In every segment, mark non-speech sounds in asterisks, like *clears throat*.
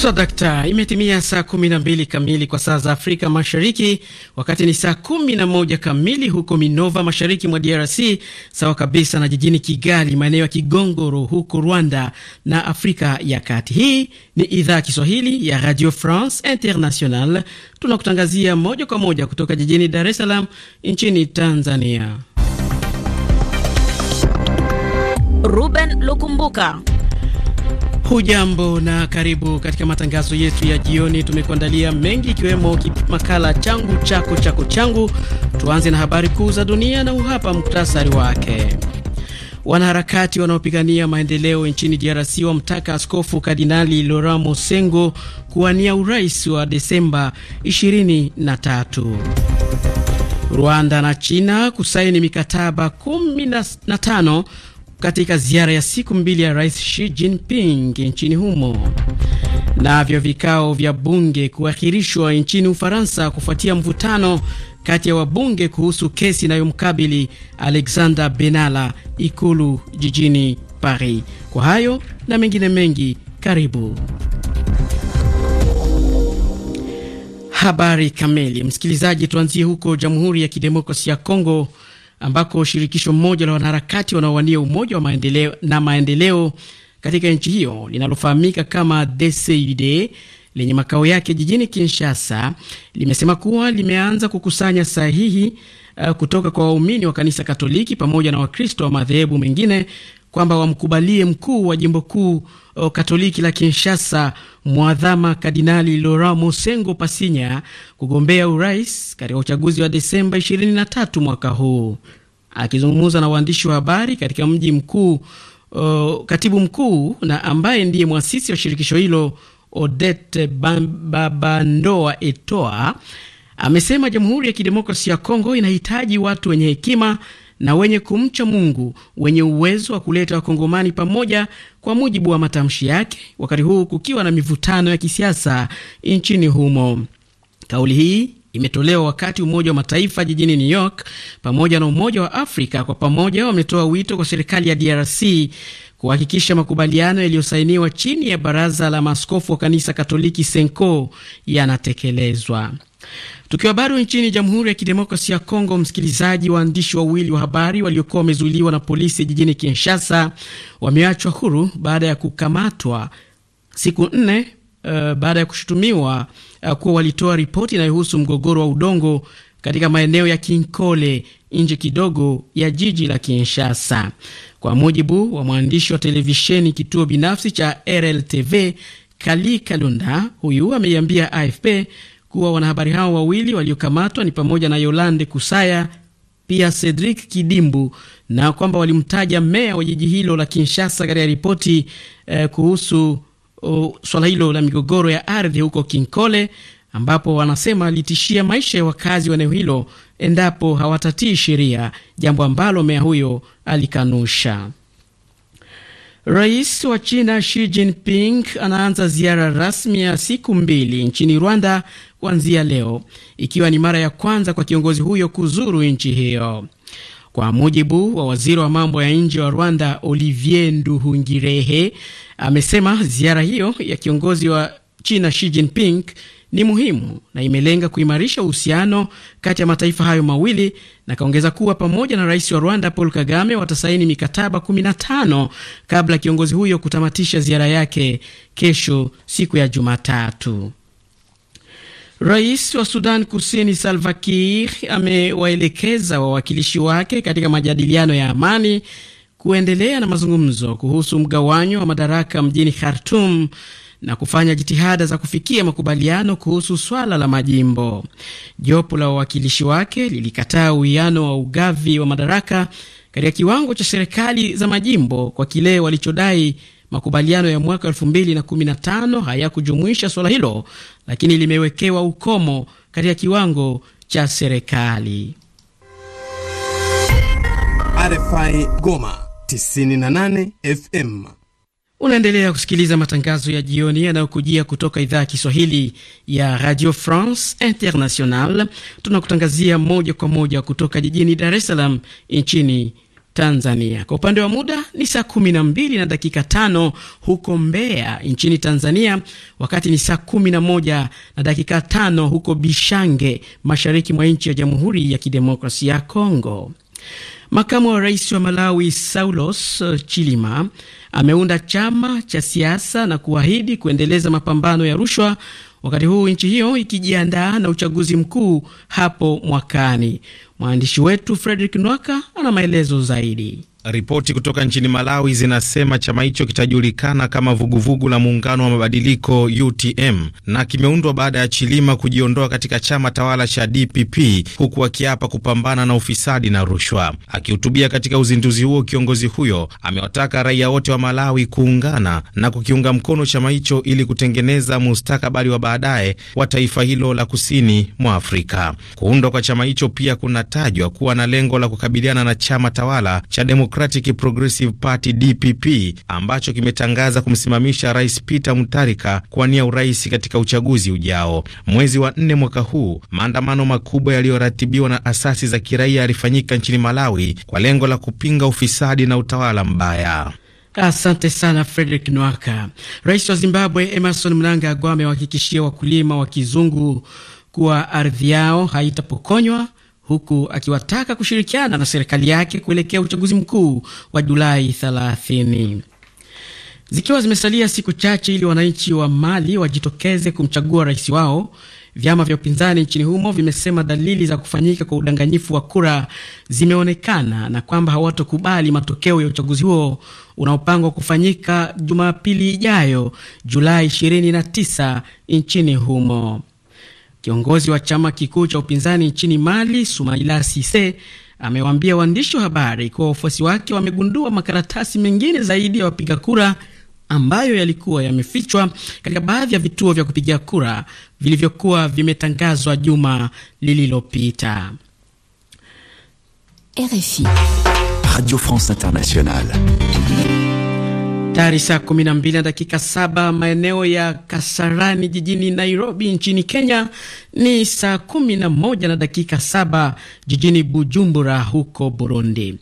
Swadakta, dakta, imetimia saa mbili kamili kwa saa za Afrika Mashariki, wakati ni saa moja kamili huko Minova, mashariki mwa DRC, sawa kabisa na jijini Kigali, maeneo ya Kigongoro huko Rwanda na Afrika ya Kati. Hii ni idhaa ya Kiswahili ya Radio France International, tunakutangazia moja kwa moja kutoka jijini Dar es Salaam nchini Tanzania. Ruben Lukumbuka Hujambo na karibu katika matangazo yetu ya jioni. Tumekuandalia mengi ikiwemo makala changu chako chako changu. Tuanze na habari kuu za dunia na uhapa muktasari wake. Wanaharakati wanaopigania maendeleo nchini DRC wamtaka Askofu Kardinali Laurent Mosengo kuwania urais wa Desemba 23. Rwanda na China kusaini mikataba 15 katika ziara ya siku mbili ya Rais Xi Jinping nchini humo. Navyo vikao vya bunge kuahirishwa nchini Ufaransa kufuatia mvutano kati ya wabunge kuhusu kesi inayomkabili Alexander Benalla ikulu jijini Paris. Kwa hayo na mengine mengi, karibu habari kamili. Msikilizaji, tuanzie huko Jamhuri ya Kidemokrasia ya Kongo ambako shirikisho mmoja la wanaharakati wanaowania umoja wa maendeleo na maendeleo katika nchi hiyo linalofahamika kama DCUD lenye makao yake jijini Kinshasa limesema kuwa limeanza kukusanya sahihi uh, kutoka kwa waumini wa kanisa Katoliki pamoja na Wakristo wa madhehebu mengine kwamba wamkubalie mkuu wa jimbo kuu Katoliki la Kinshasa mwadhama Kardinali Laurent Mosengo Pasinya kugombea urais katika uchaguzi wa Desemba 23 mwaka huu. Akizungumza na waandishi wa habari katika mji mkuu O, katibu mkuu na ambaye ndiye mwasisi wa shirikisho hilo Odette Babandoa Etoa amesema Jamhuri ya Kidemokrasia ya Kongo inahitaji watu wenye hekima na wenye kumcha Mungu wenye uwezo wa kuleta wakongomani pamoja, kwa mujibu wa matamshi yake, wakati huu kukiwa na mivutano ya kisiasa nchini humo. Kauli hii imetolewa wakati Umoja wa Mataifa jijini New York pamoja na Umoja wa Afrika kwa pamoja wametoa wito kwa serikali ya DRC kuhakikisha makubaliano yaliyosainiwa chini ya Baraza la Maaskofu wa Kanisa Katoliki senco yanatekelezwa. Tukiwa bado nchini Jamhuri ya kidemokrasi ya Kongo, msikilizaji, waandishi wawili wa habari waliokuwa wamezuiliwa na polisi jijini Kinshasa wameachwa huru baada ya kukamatwa siku nne uh, baada ya kushutumiwa uh, kuwa walitoa ripoti inayohusu mgogoro wa udongo katika maeneo ya Kinkole nje kidogo ya jiji la Kinshasa. Kwa mujibu wa mwandishi wa televisheni kituo binafsi cha RLTV, Kali Kalunda, huyu ameiambia AFP kuwa wanahabari hao wawili waliokamatwa ni pamoja na Yolande Kusaya pia Cedric Kidimbu na kwamba walimtaja meya wa jiji hilo la Kinshasa katika ripoti eh, kuhusu swala hilo la migogoro ya ardhi huko Kinkole ambapo wanasema alitishia maisha ya wakazi wa eneo hilo endapo hawatatii sheria, jambo ambalo meya huyo alikanusha. Rais wa China Xi Jinping anaanza ziara rasmi ya siku mbili nchini Rwanda kuanzia leo, ikiwa ni mara ya kwanza kwa kiongozi huyo kuzuru nchi hiyo. Kwa mujibu wa waziri wa mambo ya nje wa Rwanda Olivier Nduhungirehe, amesema ziara hiyo ya kiongozi wa China Xi Jinping ni muhimu na imelenga kuimarisha uhusiano kati ya mataifa hayo mawili, na kaongeza kuwa pamoja na rais wa Rwanda Paul Kagame watasaini mikataba 15 kabla kiongozi huyo kutamatisha ziara yake kesho siku ya Jumatatu. Rais wa Sudan Kusini Salva Kiir amewaelekeza wawakilishi wake katika majadiliano ya amani kuendelea na mazungumzo kuhusu mgawanyo wa madaraka mjini Khartoum na kufanya jitihada za kufikia makubaliano kuhusu swala la majimbo. Jopo la wawakilishi wake lilikataa uwiano wa ugavi wa madaraka katika kiwango cha serikali za majimbo kwa kile walichodai Makubaliano ya mwaka 2015 hayakujumuisha suala hilo, lakini limewekewa ukomo katika kiwango cha serikali. RFI Goma 98 FM. Unaendelea kusikiliza matangazo ya jioni yanayokujia kutoka idhaa ya Kiswahili ya Radio France International. Tunakutangazia moja kwa moja kutoka jijini Dar es Salaam nchini Tanzania. Kwa upande wa muda ni saa kumi na mbili na dakika tano huko Mbeya nchini Tanzania, wakati ni saa kumi na moja na dakika tano huko Bishange mashariki mwa nchi ya Jamhuri ya Kidemokrasia ya Kongo. Makamu wa rais wa Malawi Saulos Chilima ameunda chama cha siasa na kuahidi kuendeleza mapambano ya rushwa wakati huu nchi hiyo ikijiandaa na uchaguzi mkuu hapo mwakani. Mwandishi wetu Fredrik Nwaka ana maelezo zaidi. Ripoti kutoka nchini Malawi zinasema chama hicho kitajulikana kama vuguvugu la muungano wa mabadiliko UTM na kimeundwa baada ya Chilima kujiondoa katika chama tawala cha DPP huku akiapa kupambana na ufisadi na rushwa. Akihutubia katika uzinduzi huo, kiongozi huyo amewataka raia wote wa Malawi kuungana na kukiunga mkono chama hicho ili kutengeneza mustakabali wa baadaye wa taifa hilo la kusini mwa Afrika. Kuundwa kwa chama hicho pia kunatajwa kuwa na lengo la kukabiliana na chama tawala cha Democratic Progressive Party DPP ambacho kimetangaza kumsimamisha Rais Peter Mutharika kuwania urais katika uchaguzi ujao. Mwezi wa nne mwaka huu, maandamano makubwa yaliyoratibiwa na asasi za kiraia yalifanyika nchini Malawi kwa lengo la kupinga ufisadi na utawala mbaya. Asante sana Frederick Nwaka. Rais wa Zimbabwe Emerson Mnangagwa amewahakikishia wakulima wa kizungu kuwa ardhi yao haitapokonywa huku akiwataka kushirikiana na serikali yake kuelekea uchaguzi mkuu wa Julai 30. Zikiwa zimesalia siku chache ili wananchi wa Mali wajitokeze kumchagua rais wao, vyama vya upinzani nchini humo vimesema dalili za kufanyika kwa udanganyifu wa kura zimeonekana na kwamba hawatokubali matokeo ya uchaguzi huo unaopangwa kufanyika Jumapili ijayo Julai 29 nchini humo. Kiongozi wa chama kikuu cha upinzani nchini Mali, sumaila sise amewaambia waandishi wa habari kuwa wafuasi wake wamegundua makaratasi mengine zaidi ya wapiga kura ambayo yalikuwa yamefichwa katika baadhi ya vituo vya kupigia kura vilivyokuwa vimetangazwa juma lililopita. RFI Radio France Internationale. Tayari saa 12 na dakika saba maeneo ya Kasarani jijini Nairobi nchini Kenya, ni saa moja na dakika saba jijini Bujumbura huko Burundi.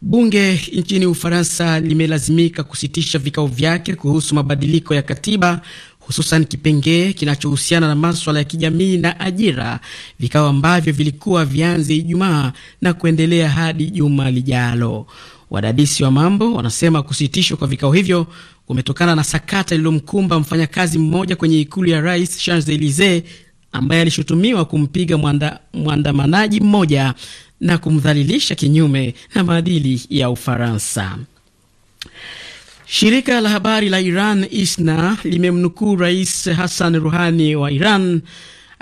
Bunge nchini Ufaransa limelazimika kusitisha vikao vyake kuhusu mabadiliko ya katiba hususan kipengee kinachohusiana na maswala ya kijamii na ajira, vikao ambavyo vilikuwa vianze Ijumaa na kuendelea hadi juma lijalo. Wadadisi wa mambo wanasema kusitishwa kwa vikao hivyo kumetokana na sakata lililomkumba mfanyakazi mmoja kwenye ikulu ya rais Champs Elysee, ambaye alishutumiwa kumpiga mwandamanaji mmoja na kumdhalilisha kinyume na maadili ya Ufaransa. Shirika la habari la Iran ISNA limemnukuu Rais Hassan ruhani wa Iran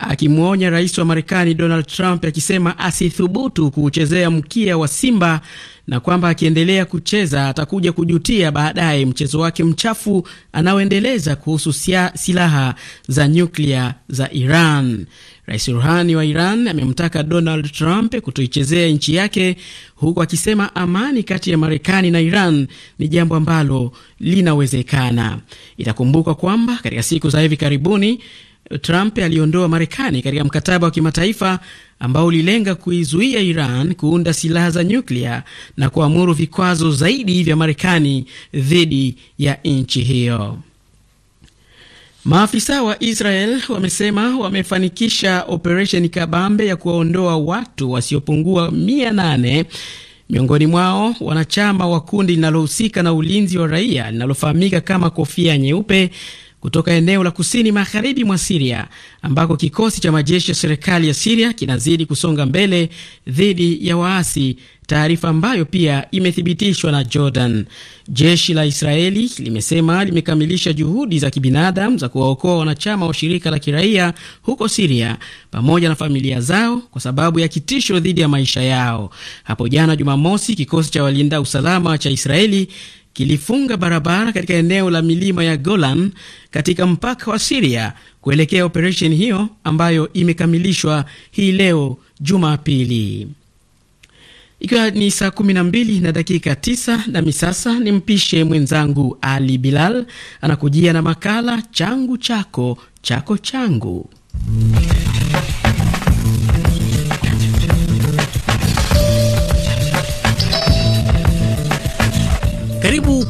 akimwonya rais wa Marekani Donald Trump akisema asithubutu kuuchezea mkia wa Simba na kwamba akiendelea kucheza atakuja kujutia baadaye mchezo wake mchafu anaoendeleza kuhusu silaha za nyuklia za Iran. Rais Ruhani wa Iran amemtaka Donald Trump kutoichezea nchi yake, huku akisema amani kati ya Marekani na Iran ni jambo ambalo linawezekana. Itakumbuka kwamba katika siku za hivi karibuni Trump aliondoa Marekani katika mkataba wa kimataifa ambao ulilenga kuizuia Iran kuunda silaha za nyuklia na kuamuru vikwazo zaidi vya Marekani dhidi ya nchi hiyo. Maafisa wa Israel wamesema wamefanikisha operesheni kabambe ya kuwaondoa watu wasiopungua mia nane miongoni mwao wanachama wa kundi linalohusika na ulinzi wa raia linalofahamika kama Kofia Nyeupe kutoka eneo la kusini magharibi mwa Siria ambako kikosi cha majeshi ya serikali ya Siria kinazidi kusonga mbele dhidi ya waasi, taarifa ambayo pia imethibitishwa na Jordan. Jeshi la Israeli limesema limekamilisha juhudi za kibinadamu za kuwaokoa wanachama wa shirika la kiraia huko Siria pamoja na familia zao kwa sababu ya kitisho dhidi ya maisha yao. Hapo jana Jumamosi, kikosi cha walinda usalama cha Israeli kilifunga barabara katika eneo la milima ya Golan katika mpaka wa Siria kuelekea operesheni hiyo ambayo imekamilishwa hii leo Jumapili ikiwa ni saa kumi na mbili na dakika tisa. Nami sasa mpishe mwenzangu Ali Bilal anakujia na makala changu chako chako changu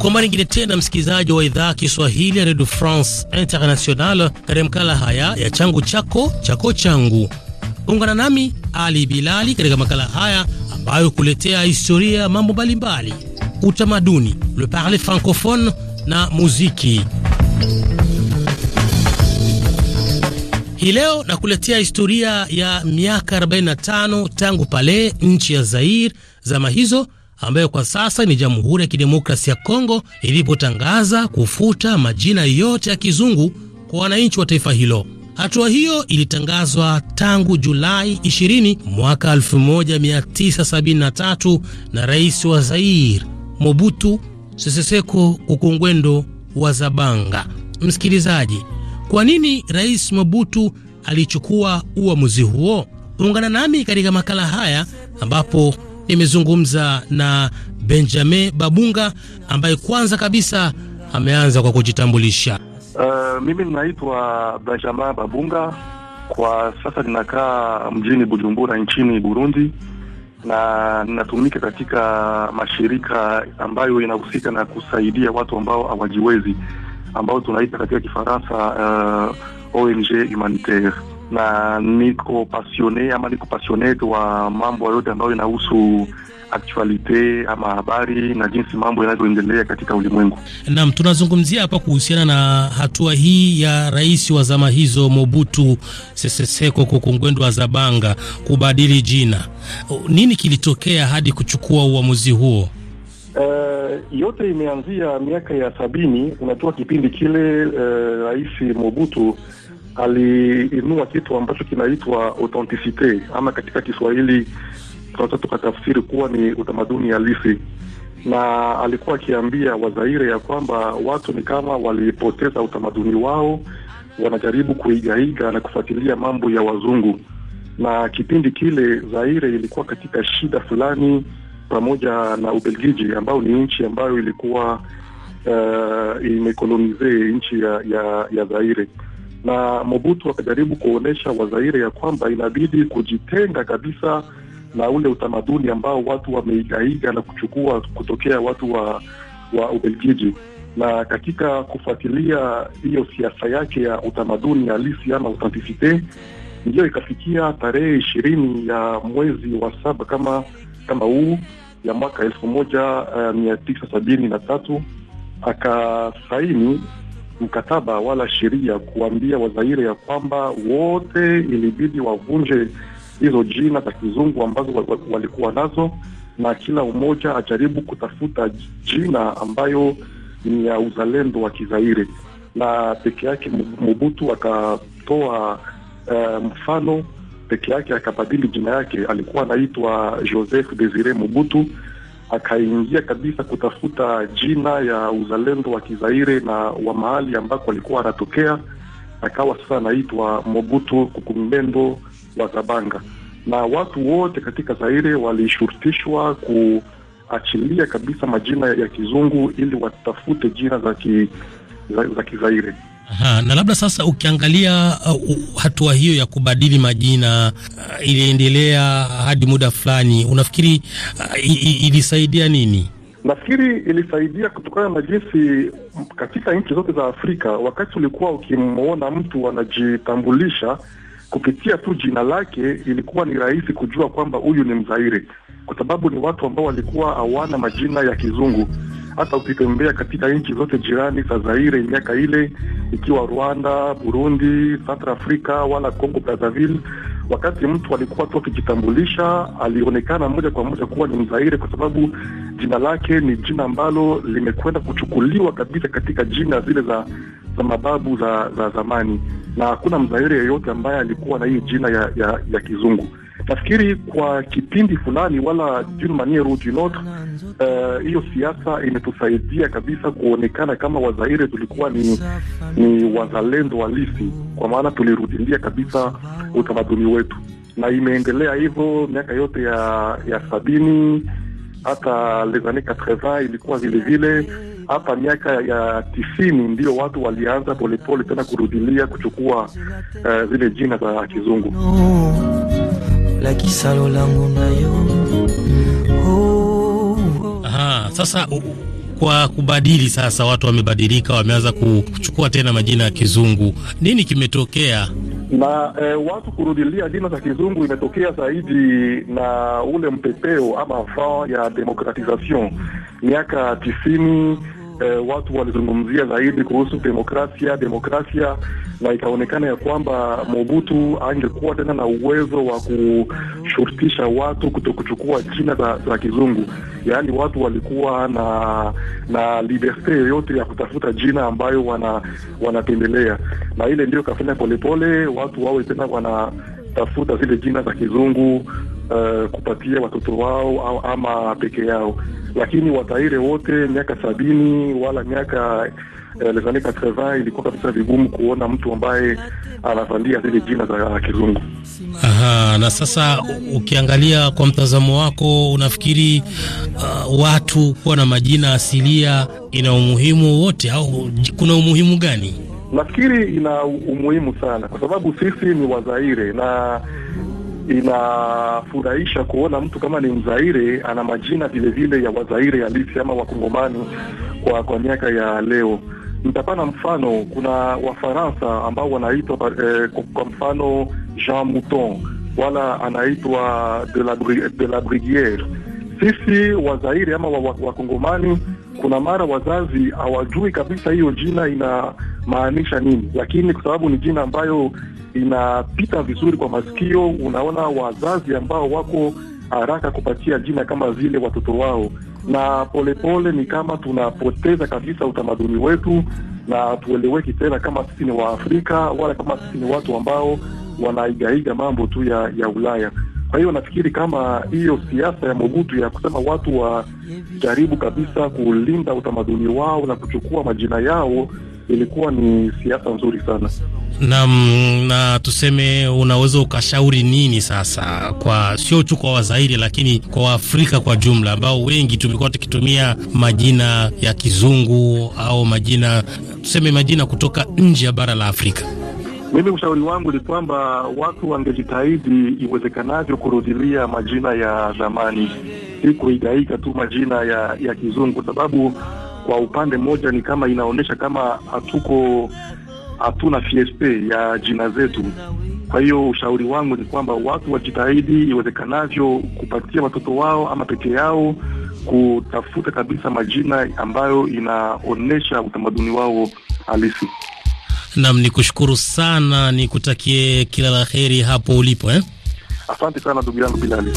Kwa mara nyingine tena, msikilizaji wa idhaa Kiswahili ya Radio France International, katika makala haya ya changu chako chako changu, ungana nami Ali Bilali katika makala haya ambayo kuletea historia ya mambo mbalimbali, utamaduni, le parle francophone na muziki. Hii leo nakuletea historia ya miaka 45 tangu pale nchi ya Zaire zama hizo ambayo kwa sasa ni Jamhuri ya kidemokrasi ya Kongo ilipotangaza kufuta majina yote ya kizungu kwa wananchi wa taifa hilo. Hatua hiyo ilitangazwa tangu Julai 20 mwaka 1973 na rais wa zair Mobutu Seseseko Ukungwendo wa Zabanga. Msikilizaji, kwa nini Rais Mobutu alichukua uamuzi huo? Ungana nami katika makala haya ambapo nimezungumza na Benjamin Babunga ambaye kwanza kabisa ameanza kwa kujitambulisha. Uh, mimi ninaitwa Benjamin Babunga, kwa sasa ninakaa mjini Bujumbura nchini Burundi na ninatumika katika mashirika ambayo inahusika na kusaidia watu ambao hawajiwezi ambao tunaita katika Kifaransa uh, eh, ONG humanitaire na niko passionné ama niko passionné wa mambo yote ambayo inahusu aktualite ama habari na jinsi mambo yanavyoendelea katika ulimwengu. Naam, tunazungumzia hapa kuhusiana na hatua hii ya rais wa zama hizo Mobutu Sese Seko Kokongwendo Azabanga kubadili jina. Nini kilitokea hadi kuchukua uamuzi huo? Uh, yote imeanzia miaka ya sabini. Unatoa kipindi kile uh, rais Mobutu aliinua kitu ambacho kinaitwa authenticite ama katika Kiswahili tunaweza tukatafsiri kuwa ni utamaduni halisi, na alikuwa akiambia Wazaire ya kwamba watu ni kama walipoteza utamaduni wao, wanajaribu kuigaiga na kufuatilia mambo ya wazungu. Na kipindi kile Zaire ilikuwa katika shida fulani, pamoja na Ubelgiji ambao ni nchi ambayo ilikuwa uh, imekolonize nchi ya, ya, ya Zaire na Mobutu akajaribu kuonyesha Wazaire ya kwamba inabidi kujitenga kabisa na ule utamaduni ambao watu wameigaiga na kuchukua kutokea watu wa, wa Ubelgiji. Na katika kufuatilia hiyo siasa yake ya utamaduni halisi ama authenticite, ndiyo ikafikia tarehe ishirini ya mwezi wa saba kama kama huu ya mwaka elfu moja uh, mia tisa sabini na tatu akasaini mkataba wala sheria kuambia Wazaire ya kwamba wote ilibidi wavunje hizo jina za kizungu ambazo walikuwa nazo, na kila umoja ajaribu kutafuta jina ambayo ni ya uzalendo wa Kizaire, na peke yake Mobutu akatoa uh, mfano peke yake akabadili jina yake, alikuwa anaitwa Joseph Desire Mobutu akaingia kabisa kutafuta jina ya uzalendo wa Kizaire na wa mahali ambako alikuwa anatokea, akawa sasa anaitwa Mobutu Kukumbendo wa Zabanga, na watu wote katika Zaire walishurutishwa kuachilia kabisa majina ya kizungu ili watafute jina za, ki, za, za Kizaire. Aha, na labda sasa ukiangalia uh, uh, hatua hiyo ya kubadili majina uh, iliendelea hadi muda fulani, unafikiri uh, ilisaidia nini? Nafikiri ilisaidia kutokana na jinsi katika nchi zote za Afrika, wakati ulikuwa ukimwona mtu anajitambulisha kupitia tu jina lake, ilikuwa ni rahisi kujua kwamba huyu ni Mzairi, kwa sababu ni watu ambao walikuwa hawana majina ya kizungu. Hata ukitembea katika nchi zote jirani za Zaire miaka ile, ikiwa Rwanda, Burundi, South Africa wala Congo Brazzaville, wakati mtu alikuwa tu akijitambulisha, alionekana moja kwa moja kuwa ni Mzaire kwa sababu jina lake ni jina ambalo limekwenda kuchukuliwa kabisa katika jina zile za, za mababu za, za zamani, na hakuna Mzaire yeyote ambaye alikuwa na hii jina ya, ya, ya kizungu. Nafikiri kwa kipindi fulani, wala d'une maniere ou d'une autre, eh, hiyo uh, siasa imetusaidia kabisa kuonekana kama Wazaire tulikuwa ni, ni wazalendo halisi, kwa maana tulirudilia kabisa utamaduni wetu, na imeendelea hivyo miaka yote ya, ya sabini hata lezane 80 ilikuwa vilevile hapa miaka ya tisini ndio watu walianza polepole tena kurudilia kuchukua uh, zile jina za kizungu lakisa langu na yo oh, oh. Aha, sasa uh, kwa kubadili sasa, watu wamebadilika, wameanza kuchukua tena majina ya kizungu. Nini kimetokea? na e, watu kurudilia jina za kizungu imetokea zaidi na ule mpepeo ama fa ya demokratisation miaka tisini eh, watu walizungumzia zaidi kuhusu demokrasia demokrasia, na ikaonekana ya kwamba Mobutu angekuwa tena na uwezo wa kushurutisha watu kuto kuchukua jina za, za kizungu, yaani watu walikuwa na na liberte yoyote ya kutafuta jina ambayo wanapendelea, wana na ile ndio kafanya polepole watu wawe tena wana kutafuta zile jina za kizungu uh, kupatia watoto wao au ama peke yao, lakini wataire wote miaka sabini wala miaka eh, lezani kaskazaa ilikuwa kabisa vigumu kuona mtu ambaye anavalia zile jina za kizungu. Aha, na sasa ukiangalia kwa mtazamo wako unafikiri uh, watu kuwa na majina asilia ina umuhimu wote au kuna umuhimu gani? Nafikiri ina umuhimu sana kwa sababu sisi ni Wazaire na inafurahisha kuona mtu kama ni Mzaire ana majina vilevile ya Wazaire halisi ama Wakongomani kwa, kwa miaka ya leo. Nitapana mfano, kuna Wafaransa ambao wanaitwa eh, kwa mfano Jean Mouton wala anaitwa de la, de la Brigiere. Sisi Wazaire ama Wakongomani wa kuna mara wazazi hawajui kabisa hiyo jina inamaanisha nini, lakini kwa sababu ni jina ambayo inapita vizuri kwa masikio, unaona wazazi ambao wako haraka kupatia jina kama vile watoto wao, na polepole pole ni kama tunapoteza kabisa utamaduni wetu na tueleweki tena kama sisi ni Waafrika wala kama sisi ni watu ambao wanaigaiga mambo tu ya, ya Ulaya. Kwa hiyo nafikiri kama hiyo siasa ya Mobutu ya kusema watu wajaribu kabisa kulinda utamaduni wao na kuchukua majina yao ilikuwa ni siasa nzuri sana. Naam, na tuseme, unaweza ukashauri nini sasa, kwa sio tu kwa Wazairi lakini kwa Waafrika kwa jumla, ambao wengi tumekuwa tukitumia majina ya kizungu au majina tuseme, majina kutoka nje ya bara la Afrika? Mimi ushauri wangu ni kwamba watu wangejitahidi iwezekanavyo kurudilia majina ya zamani, si kuigaika tu majina ya, ya kizungu, kwa sababu kwa upande mmoja ni kama inaonyesha kama hatuko hatuna fiespe ya jina zetu. Kwa hiyo ushauri wangu ni kwamba watu wajitahidi iwezekanavyo kupatia watoto wao ama peke yao kutafuta kabisa majina ambayo inaonyesha utamaduni wao halisi. Nam, ni kushukuru sana, ni kutakie kila la heri hapo ulipo eh? Asante sana ndugu yangu Bilali.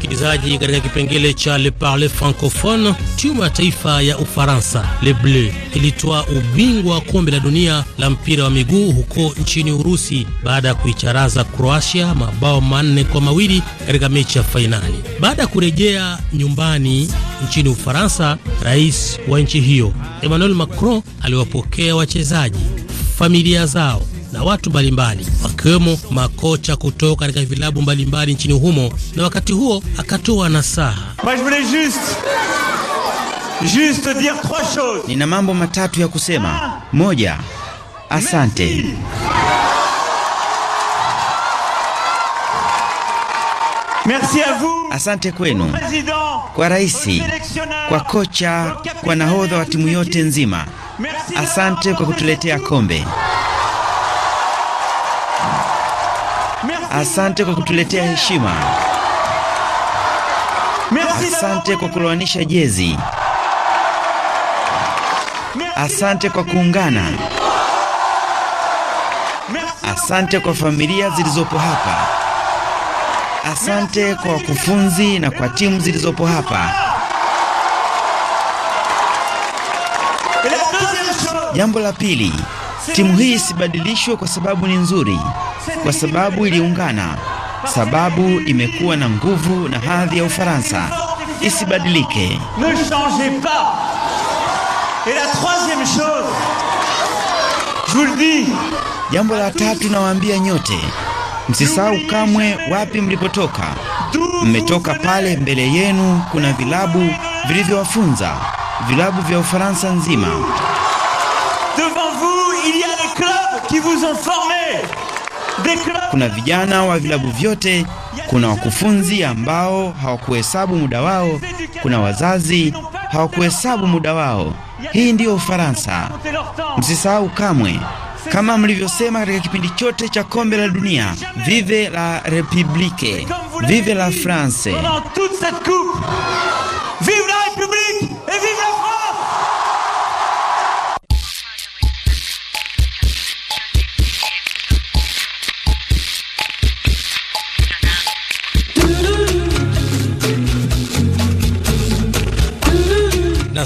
msikilizaji, katika kipengele cha Le Parle Francophone, timu ya taifa ya Ufaransa Le Bleu ilitoa ubingwa wa kombe la dunia la mpira wa miguu huko nchini Urusi baada ya kuicharaza croatia mabao manne kwa mawili katika mechi ya fainali. Baada ya kurejea nyumbani nchini Ufaransa, rais wa nchi hiyo Emmanuel Macron aliwapokea wachezaji, familia zao na watu mbalimbali wakiwemo makocha kutoka katika vilabu mbalimbali nchini humo, na wakati huo akatoa nasaha. Nina mambo matatu ya kusema. Ah, Moja, asante. Merci vous, asante kwenu, kwa raisi, kwa kocha, kwa nahodha wa timu yote nzima. Asante kwa kutuletea kombe. Asante kwa kutuletea heshima. Asante kwa kulowanisha jezi. Asante kwa kuungana. Asante kwa familia zilizopo hapa. Asante kwa wakufunzi na kwa timu zilizopo hapa. Jambo la pili, timu hii isibadilishwe kwa sababu ni nzuri kwa sababu iliungana, sababu imekuwa na nguvu na hadhi ya Ufaransa isibadilike. Jambo la tatu nawaambia nyote, msisahau kamwe wapi mlipotoka. Mmetoka pale, mbele yenu kuna vilabu vilivyowafunza, vilabu vya Ufaransa nzima. Devant vous il y a les clubs qui vous ont kuna vijana wa vilabu vyote, kuna wakufunzi ambao hawakuhesabu muda wao, kuna wazazi hawakuhesabu muda wao. Hii ndiyo Ufaransa. Msisahau kamwe, kama mlivyosema katika kipindi chote cha kombe la dunia, vive la republique, vive la France.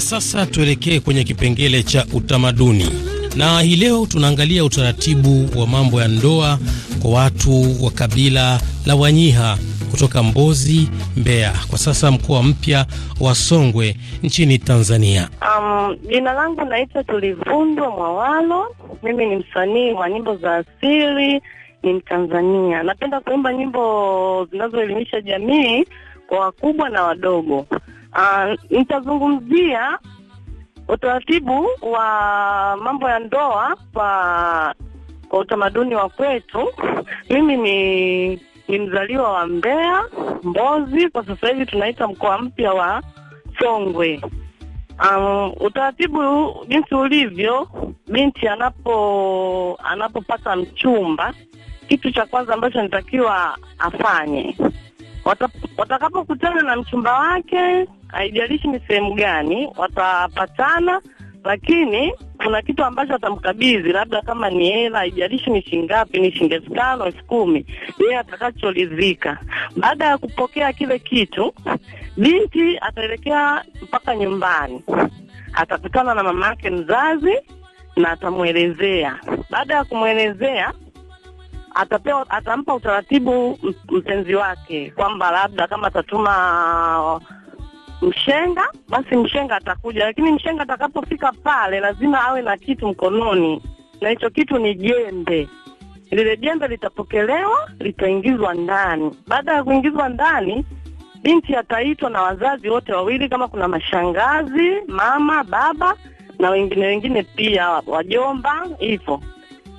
sasa tuelekee kwenye kipengele cha utamaduni, na hii leo tunaangalia utaratibu wa mambo ya ndoa kwa watu wa kabila la Wanyiha kutoka Mbozi, Mbeya, kwa sasa mkoa mpya wa Songwe nchini Tanzania. Jina langu naitwa Tulivundwa Mwawalo. Mimi ni msanii wa nyimbo za asili, ni Mtanzania. Napenda kuimba nyimbo zinazoelimisha jamii kwa wakubwa na wadogo. Uh, nitazungumzia utaratibu wa mambo ya ndoa kwa kwa utamaduni wa kwetu. Mimi ni ni mzaliwa wa Mbeya Mbozi, kwa sasa hivi tunaita mkoa mpya wa Songwe. Um, utaratibu jinsi ulivyo, binti anapo anapopata mchumba, kitu cha kwanza ambacho anatakiwa afanye watakapokutana na mchumba wake haijalishi ni sehemu gani, watapatana, lakini kuna kitu ambacho atamkabidhi, labda kama ni hela, haijalishi ni shilingi ngapi, ni shilingi elfu tano, elfu kumi, yeye atakachoridhika. Baada ya kupokea kile kitu, binti ataelekea mpaka nyumbani, atakutana na mama yake mzazi na atamwelezea. Baada ya kumwelezea atapewa atampa utaratibu mpenzi wake kwamba labda kama atatuma mshenga, basi mshenga atakuja, lakini mshenga atakapofika pale lazima awe na kitu mkononi, na hicho kitu ni jembe. Lile jembe litapokelewa, litaingizwa ndani. Baada ya kuingizwa ndani, binti ataitwa na wazazi wote wawili, kama kuna mashangazi, mama, baba na wengine wengine, pia wajomba, hivyo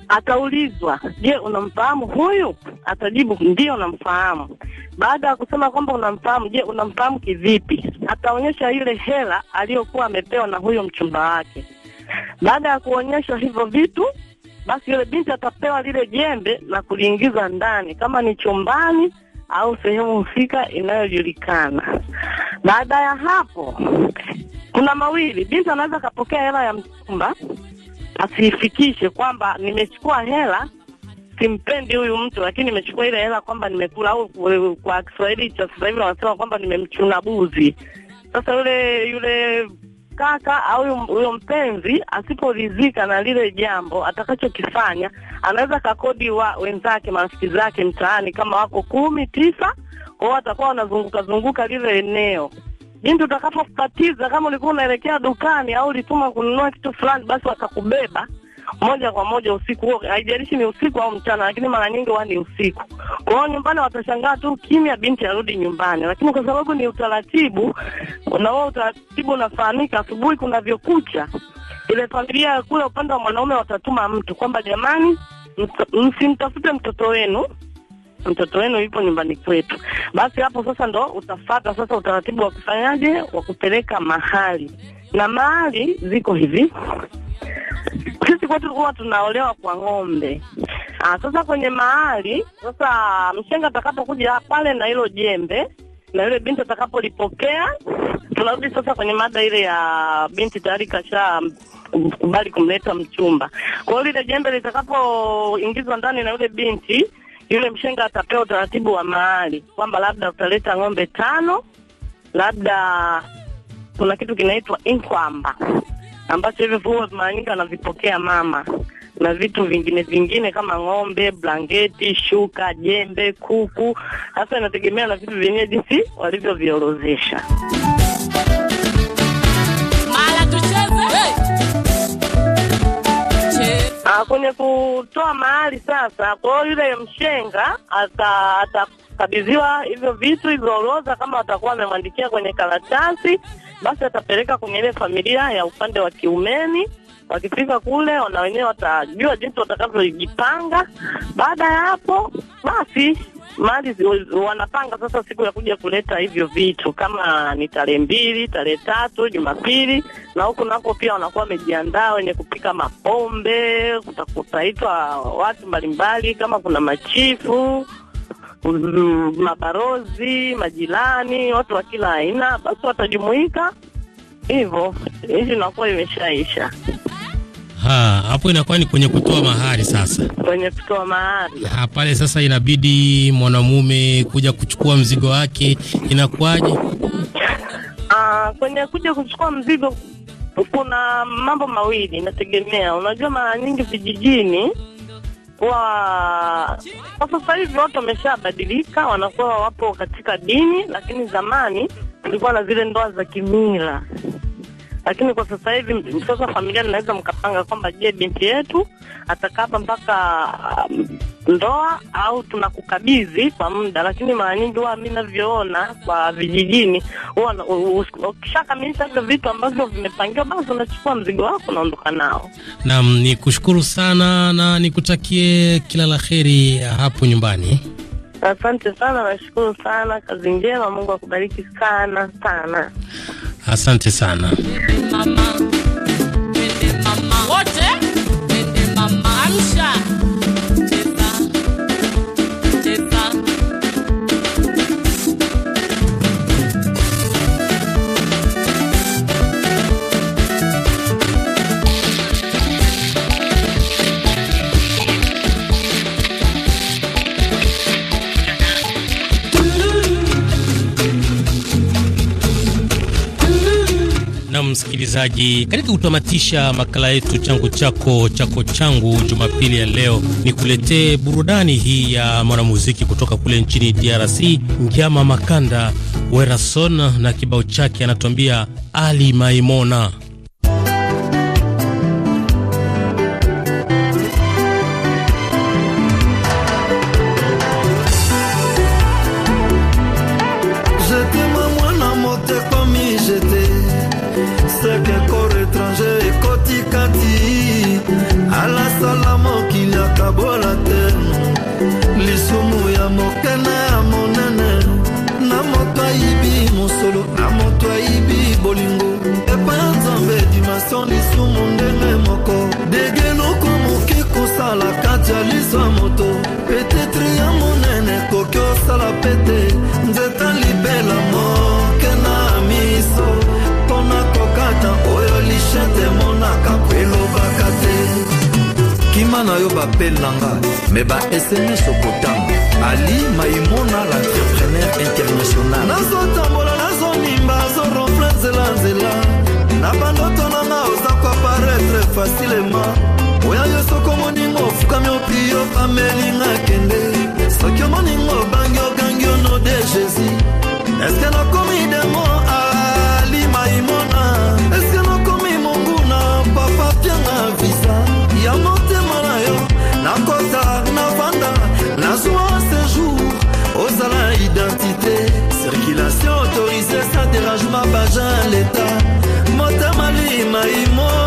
Ataulizwa, je, unamfahamu huyu? Atajibu ndiyo, namfahamu. Baada ya kusema kwamba unamfahamu, je, unamfahamu kivipi? Ataonyesha ile hela aliyokuwa amepewa na huyo mchumba wake. Baada ya kuonyesha hivyo vitu, basi yule binti atapewa lile jembe na kuliingiza ndani, kama ni chumbani au sehemu husika inayojulikana. Baada ya hapo, kuna mawili, binti anaweza akapokea hela ya mchumba asiifikishe kwamba nimechukua hela, simpendi huyu mtu, lakini nimechukua ile hela kwamba nimekula, au kwa Kiswahili cha sasa hivi wanasema kwamba nimemchuna buzi. Sasa yule yule kaka au huyo mpenzi asiporidhika na lile jambo, atakachokifanya anaweza kakodi wa wenzake marafiki zake mtaani, kama wako kumi tisa kwao, watakuwa wanazunguka zunguka lile eneo Jinsi utakavyokatiza, kama ulikuwa unaelekea dukani au ulituma kununua kitu fulani, basi watakubeba moja kwa moja usiku huo, haijalishi ni usiku au mchana, lakini mara nyingi huwa ni usiku. Kwa hiyo nyumbani watashangaa tu kimya, binti arudi nyumbani, lakini kwa sababu ni utaratibu, na huo utaratibu unafahamika, asubuhi kunavyokucha, ile familia kule upande wa mwanaume watatuma mtu kwamba, jamani, msimtafute mtoto wenu mtoto wenu yupo nyumbani kwetu. Basi hapo sasa ndo utafata sasa utaratibu wa kufanyaje, wa kupeleka mahali, na mahali ziko hivi. Sisi kwetu huwa tunaolewa kwa ng'ombe. Ah, sasa kwenye mahali sasa, mshenga atakapokuja pale na hilo jembe na yule binti atakapolipokea, tunarudi sasa kwenye mada ile ya binti tayari kasha kubali kumleta mchumba. Kwa hiyo lile jembe litakapoingizwa ndani na yule binti yule mshenga atapewa utaratibu wa mahali kwamba labda utaleta ng'ombe tano, labda kuna kitu kinaitwa inkwamba ambacho hivyo huwa vimaanyika anavipokea mama na vitu vingine vingine kama ng'ombe, blanketi, shuka, jembe, kuku. Hasa inategemea na vitu vyenyewe jinsi walivyoviorozesha. Ah, kwenye kutoa mahali sasa. Kwa hiyo yule mshenga atakabidhiwa hivyo vitu hivyo orodha, kama watakuwa wamemwandikia kwenye karatasi, basi atapeleka kwenye ile familia ya upande wa kiumeni. Wakifika kule, wana wenyewe watajua jinsi watakavyojipanga. Baada ya hapo, basi mali wanapanga sasa siku ya kuja kuleta hivyo vitu, kama ni tarehe mbili, tarehe tatu, Jumapili, na huku nako pia wanakuwa wamejiandaa, wenye kupika mapombe, kutakutaitwa watu mbalimbali, kama kuna machifu mabarozi, majirani, watu wa kila aina, basi watajumuika hivyo. Nchi inakuwa imeshaisha hapo inakuwa ni kwenye kutoa mahari sasa, kwenye kutoa mahari pale sasa, inabidi mwanamume kuja kuchukua mzigo wake, inakuwaje? Ah, kwenye kuja kuchukua mzigo kuna mambo mawili, inategemea. Unajua, mara nyingi vijijini kwa kwa sasa hivi watu wameshabadilika, wanakuwa wapo katika dini, lakini zamani kulikuwa na zile ndoa za kimila lakini kwa sasa hivi wa familia naweza mkapanga kwamba je, binti yetu atakaa hapa mpaka um, ndoa au tunakukabidhi kwa muda, lakini mara nyingi huwa mi navyoona kwa vijijini, huwa ukishakamilisha hivyo vitu ambavyo vimepangiwa, basi unachukua mzigo wako unaondoka nao. Naam, ni kushukuru sana na nikutakie kila la heri hapo nyumbani. Asante sana, nashukuru sana, kazi njema, Mungu akubariki sana sana. Asante sana mama, mama. Wote mama. msikilizaji, katika kutamatisha makala yetu changu chako chako changu jumapili ya leo, ni kuletee burudani hii ya mwanamuziki kutoka kule nchini DRC, Ngiama Makanda Werason na kibao chake anatuambia Ali Maimona. biso lisumu ndenge moko degenoko moke kosala kati ya liso ya moto petetre ya monene koki osala pete nzeta libela moke na miso mpona kokata oyo lishete emonaka po elobaka te kima na yo bapelanga me ba sms okotanga ali maimona l'entrepreneur international nazotambola nazonimba azorofle nzelanzela na bandoto Facilement. fasileman oyo yo soki omoninga ofukami opio pamelinga akende soki omoninga obangi ogangi yo no de jésus eske nakomi dengo alimaimona eske nakomi monguna papa pianga visa ya motema na yo nakota navanda nazwa séjour ozala identité circulation autorise sa dérange bajan leta motema limaimona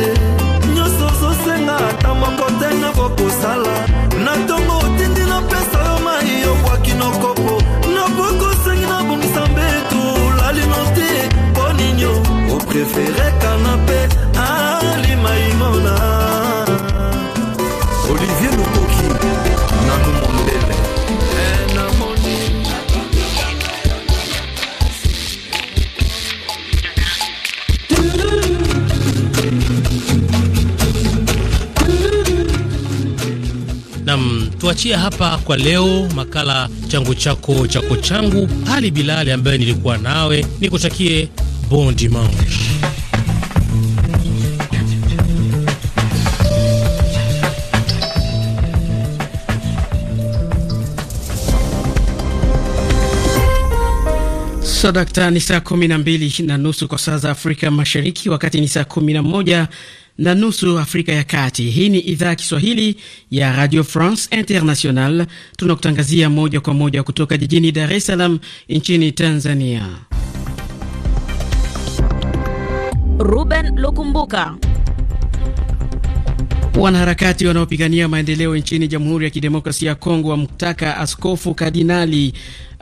te nyonso ozosenga ata moko te nakokosala na ntongo otindi napesa yo mai yobwaki nokopo nabokosengi nabongisa mbetu lalino te mpo ninyo oprefere tunaachia hapa kwa leo, makala changu chako chako changu. Ali Bilali ambaye nilikuwa nawe, nikutakie bon dimanche. Dakta ni saa kumi na mbili na nusu kwa saa za Afrika Mashariki, wakati ni saa kumi na moja na nusu Afrika ya Kati. Hii ni idhaa ya Kiswahili ya Radio France International, tunakutangazia moja kwa moja kutoka jijini Dar es Salaam nchini Tanzania. Ruben Lukumbuka. Wanaharakati wanaopigania maendeleo nchini Jamhuri ya Kidemokrasia ya Kongo wamtaka Askofu Kardinali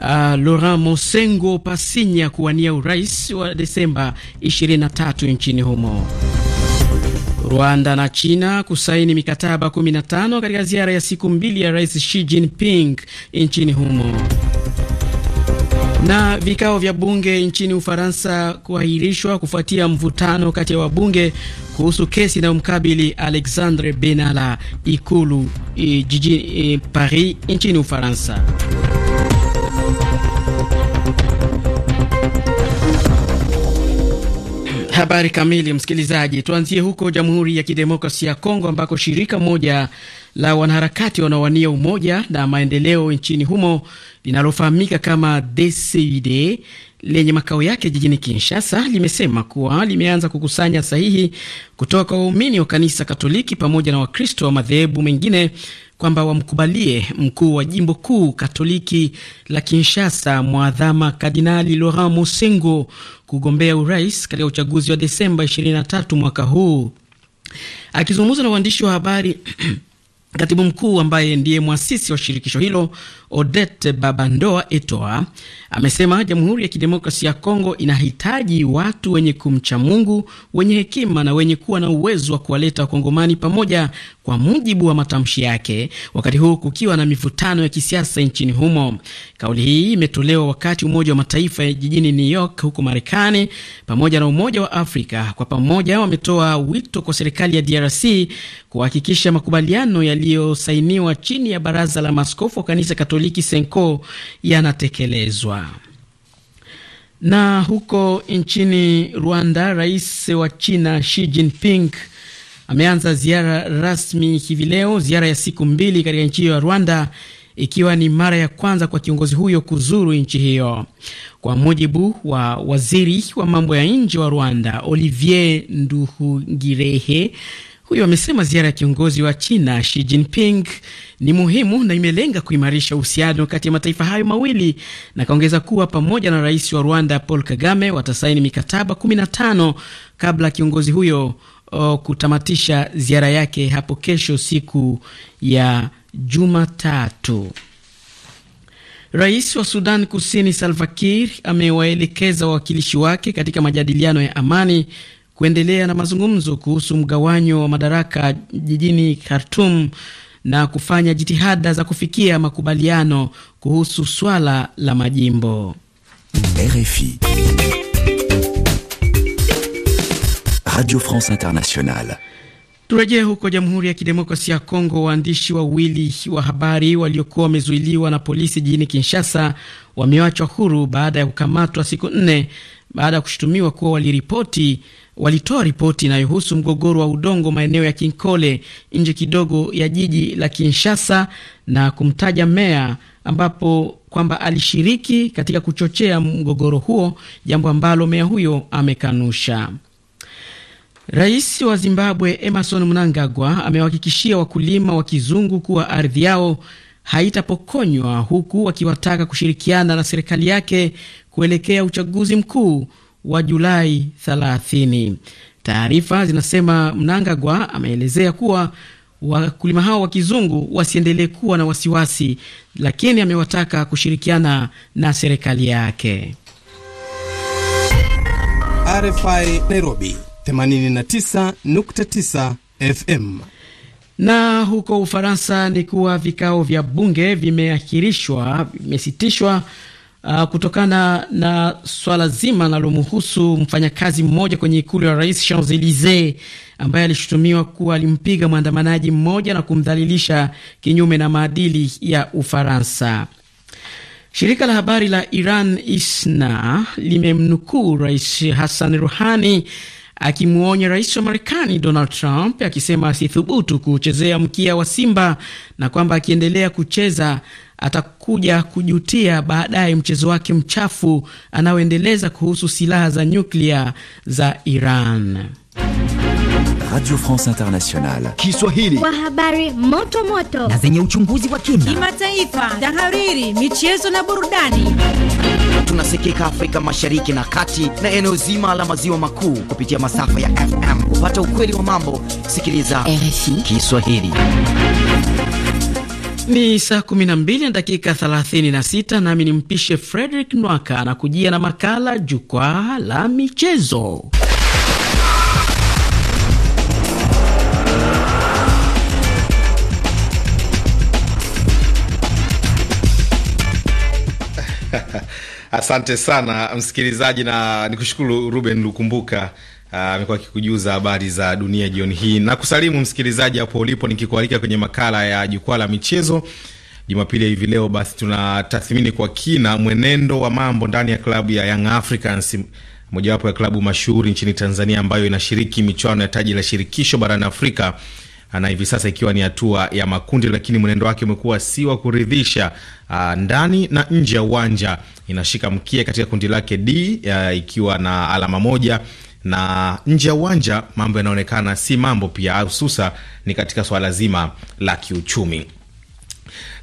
uh, Laurent Mosengo Pasinya kuwania urais wa Desemba 23 nchini humo. Rwanda na China kusaini mikataba 15 katika ziara ya siku mbili ya Rais Xi Jinping nchini humo. Na vikao vya bunge nchini Ufaransa kuahirishwa kufuatia mvutano kati ya wabunge kuhusu kesi inayomkabili Alexandre Benalla ikulu eh, jijini eh, Paris nchini Ufaransa. Habari kamili, msikilizaji, tuanzie huko Jamhuri ya Kidemokrasia ya Kongo ambako shirika moja la wanaharakati wanaowania umoja na maendeleo nchini humo linalofahamika kama dcud lenye makao yake jijini Kinshasa limesema kuwa limeanza kukusanya sahihi kutoka kwa waumini wa kanisa Katoliki pamoja na Wakristo wa madhehebu mengine kwamba wamkubalie mkuu wa jimbo kuu Katoliki la Kinshasa, Mwadhama Kardinali Laurent Mosengo kugombea urais katika uchaguzi wa Desemba 23 mwaka huu. Akizungumza na waandishi wa habari *clears throat* Katibu mkuu ambaye ndiye mwasisi wa shirikisho hilo Odette Babandoa Etoa amesema Jamhuri ya Kidemokrasia ya Kongo inahitaji watu wenye kumcha Mungu, wenye hekima na wenye kuwa na uwezo wa kuwaleta Wakongomani pamoja kwa mujibu wa matamshi yake, wakati huu kukiwa na mivutano ya kisiasa nchini humo. Kauli hii imetolewa wakati Umoja wa Mataifa jijini New York huko Marekani pamoja na Umoja wa Afrika kwa pamoja wametoa wito kwa serikali ya DRC kuhakikisha makubaliano yaliyosainiwa chini ya Baraza la maskofu wa Kanisa Katoliki Senko yanatekelezwa. Na huko nchini Rwanda, rais wa China Xi Jinping ameanza ziara rasmi hivi leo, ziara ya siku mbili katika nchi hiyo ya Rwanda, ikiwa ni mara ya kwanza kwa kiongozi huyo kuzuru nchi hiyo. Kwa mujibu wa waziri wa mambo ya nje wa Rwanda, Olivier Nduhungirehe, huyo amesema ziara ya kiongozi wa China Xi Jinping ni muhimu na imelenga kuimarisha uhusiano kati ya mataifa hayo mawili, na kaongeza kuwa pamoja na rais wa Rwanda Paul Kagame watasaini mikataba 15 kabla kiongozi huyo o, kutamatisha ziara yake hapo kesho siku ya Jumatatu. Rais wa Sudan Kusini Salva Kiir amewaelekeza wawakilishi wake katika majadiliano ya amani kuendelea na mazungumzo kuhusu mgawanyo wa madaraka jijini Khartoum na kufanya jitihada za kufikia makubaliano kuhusu swala la majimbo. RFI. Radio France Internationale. Turejee huko Jamhuri ya Kidemokrasia ya Kongo. Waandishi wawili wa habari waliokuwa wamezuiliwa na polisi jijini Kinshasa wameachwa huru baada ya kukamatwa siku nne baada ya kushutumiwa kuwa waliripoti walitoa ripoti inayohusu mgogoro wa udongo maeneo ya Kinkole nje kidogo ya jiji la Kinshasa na kumtaja meya ambapo kwamba alishiriki katika kuchochea mgogoro huo, jambo ambalo meya huyo amekanusha. Rais wa Zimbabwe Emerson Mnangagwa amewahakikishia wakulima wa kizungu kuwa ardhi yao haitapokonywa huku wakiwataka kushirikiana na serikali yake kuelekea uchaguzi mkuu wa Julai 30. Taarifa zinasema Mnangagwa ameelezea kuwa wakulima hao wa kizungu wasiendelee kuwa na wasiwasi, lakini amewataka kushirikiana na serikali yake. RFI Nairobi 89.9 FM. Na huko Ufaransa ni kuwa vikao vya bunge vimeahirishwa, vimesitishwa uh, kutokana na swala zima linalomhusu mfanyakazi mmoja kwenye ikulu ya rais Champs Elysee ambaye alishutumiwa kuwa alimpiga mwandamanaji mmoja na kumdhalilisha kinyume na maadili ya Ufaransa. Shirika la habari la Iran ISNA limemnukuu rais Hassan Rouhani akimwonya rais wa Marekani Donald Trump akisema asithubutu kuchezea mkia wa Simba na kwamba akiendelea kucheza atakuja kujutia baadaye mchezo wake mchafu anaoendeleza kuhusu silaha za nyuklia za Iran. Radio France Internationale. Kiswahili. Kwa habari moto moto na zenye uchunguzi wa kina, kimataifa, tahariri, michezo na burudani. Tunasikika Afrika Mashariki na Kati na eneo zima la maziwa makuu kupitia masafa ya FM. Kupata ukweli wa mambo, sikiliza RFI Kiswahili. Ni saa 12 na dakika 36, nami mpishe Frederick Nwaka anakujia na makala jukwaa la michezo. *laughs* Asante sana msikilizaji, na nikushukuru Ruben Lukumbuka ah, amekuwa uh, akikujuza habari za dunia jioni hii, na kusalimu msikilizaji hapo ulipo, nikikualika kwenye makala ya jukwaa la michezo Jumapili hivi leo. Basi tunatathmini kwa kina mwenendo wa mambo ndani ya klabu ya Young Africans, mojawapo ya klabu mashuhuri nchini Tanzania ambayo inashiriki michuano ya taji la shirikisho barani Afrika Ah, na hivi sasa ikiwa ni hatua ya makundi, lakini mwenendo wake umekuwa si wa kuridhisha uh, ndani na nje ya uwanja. Inashika mkia katika kundi lake D uh, ikiwa na alama moja na nje ya uwanja mambo yanaonekana si mambo pia, hususa ni katika swala zima la kiuchumi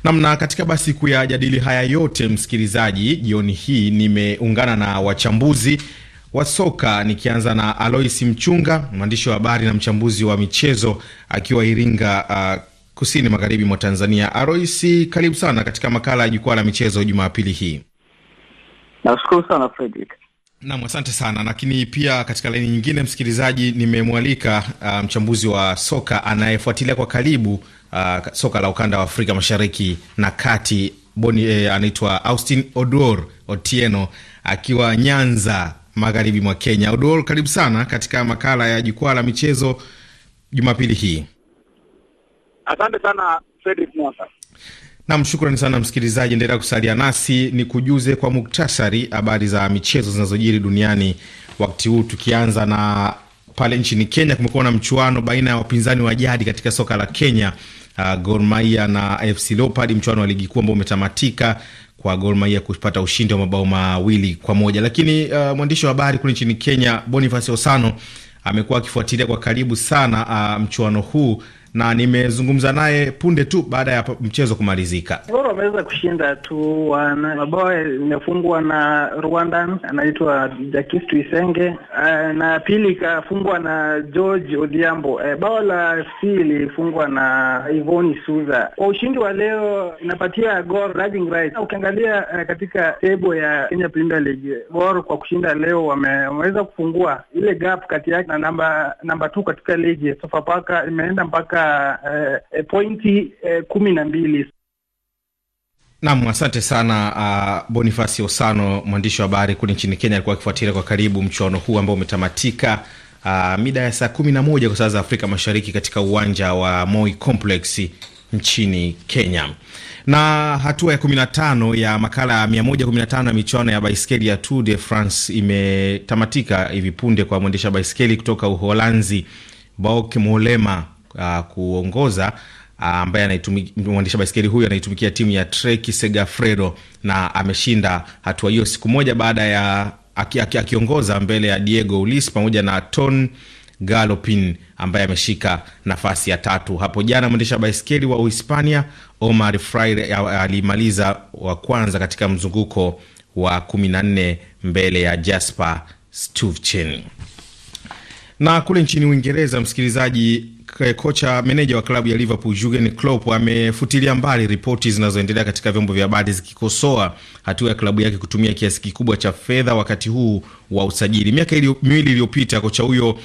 namna. Katika basi kuyajadili haya yote, msikilizaji, jioni hii nimeungana na wachambuzi wa soka, nikianza na Alois Mchunga, mwandishi wa habari na mchambuzi wa michezo akiwa Iringa, uh, kusini magharibi mwa Tanzania. Alois, karibu sana katika makala ya jukwaa la michezo Jumapili hii. Nashukuru sana Fredrick. Naam, asante sana. Lakini pia katika laini nyingine, msikilizaji, nimemwalika uh, mchambuzi wa soka anayefuatilia kwa karibu uh, soka la ukanda wa Afrika Mashariki na Kati. Boni, eh, anaitwa Austin Odor Otieno akiwa Nyanza magharibi mwa Kenya. Odol, karibu sana katika makala ya jukwaa la michezo jumapili hii. Asante sana Fredrick Mwasa. Nam, shukrani sana msikilizaji, endelea kusalia nasi ni kujuze kwa muktasari habari za michezo zinazojiri duniani wakati huu, tukianza na pale nchini Kenya. Kumekuwa na mchuano baina ya wapinzani wa jadi katika soka la Kenya, uh, Gor Mahia na AFC Leopards, mchuano wa ligi kuu ambao umetamatika kwa Gor Mahia kupata ushindi wa mabao mawili kwa moja. Lakini uh, mwandishi wa habari kule nchini Kenya Boniface Osano amekuwa akifuatilia kwa karibu sana uh, mchuano huu na nimezungumza naye punde tu baada ya mchezo kumalizika. Gor wameweza kushinda tu, wana mabao imefungwa na rwanda anaitwa Jakis Tuisenge, eh, na pili ikafungwa na George Odhiambo. E, bao la pili lilifungwa na Ivoni Suza. Kwa ushindi wa leo inapatia Gor right. Ukiangalia uh, katika tebo ya Kenya Premier League, Gor kwa kushinda leo wameweza kufungua ile gap kati yake na namba namba 2 katika ligi Sofapaka, imeenda mpaka kutoka uh, eh, pointi uh, kumi na mbili. Nam, asante sana uh, ah, Bonifasi Osano, mwandishi wa habari kule nchini Kenya, alikuwa akifuatilia kwa karibu mchuano huu ambao umetamatika uh, mida ya saa kumi na moja kwa saa za Afrika Mashariki katika uwanja wa Moi Complex nchini Kenya. Na hatua ya 15 ya makala ya 115 ya michuano ya baiskeli ya Tour de France imetamatika hivi punde kwa mwendesha baiskeli kutoka Uholanzi Bauke Molema uh, kuongoza uh, ambaye mwendesha baiskeli huyo anaitumikia timu ya Trek Segafredo na ameshinda hatua hiyo siku moja baada ya akiongoza aki, aki mbele ya Diego Ulis pamoja na Ton Galopin ambaye ameshika nafasi ya tatu. Hapo jana mwendesha baiskeli wa Uhispania Omar Fraile alimaliza wa kwanza katika mzunguko wa 14 mbele ya Jasper Stuyvesant. Na kule nchini Uingereza, msikilizaji Eh, kocha meneja wa klabu ya Liverpool Jurgen Klopp amefutilia mbali ripoti zinazoendelea katika vyombo vya habari zikikosoa hatua ya klabu yake kutumia kiasi kikubwa cha fedha wakati huu wa usajili. Miaka miwili iliyopita kocha huyo uh,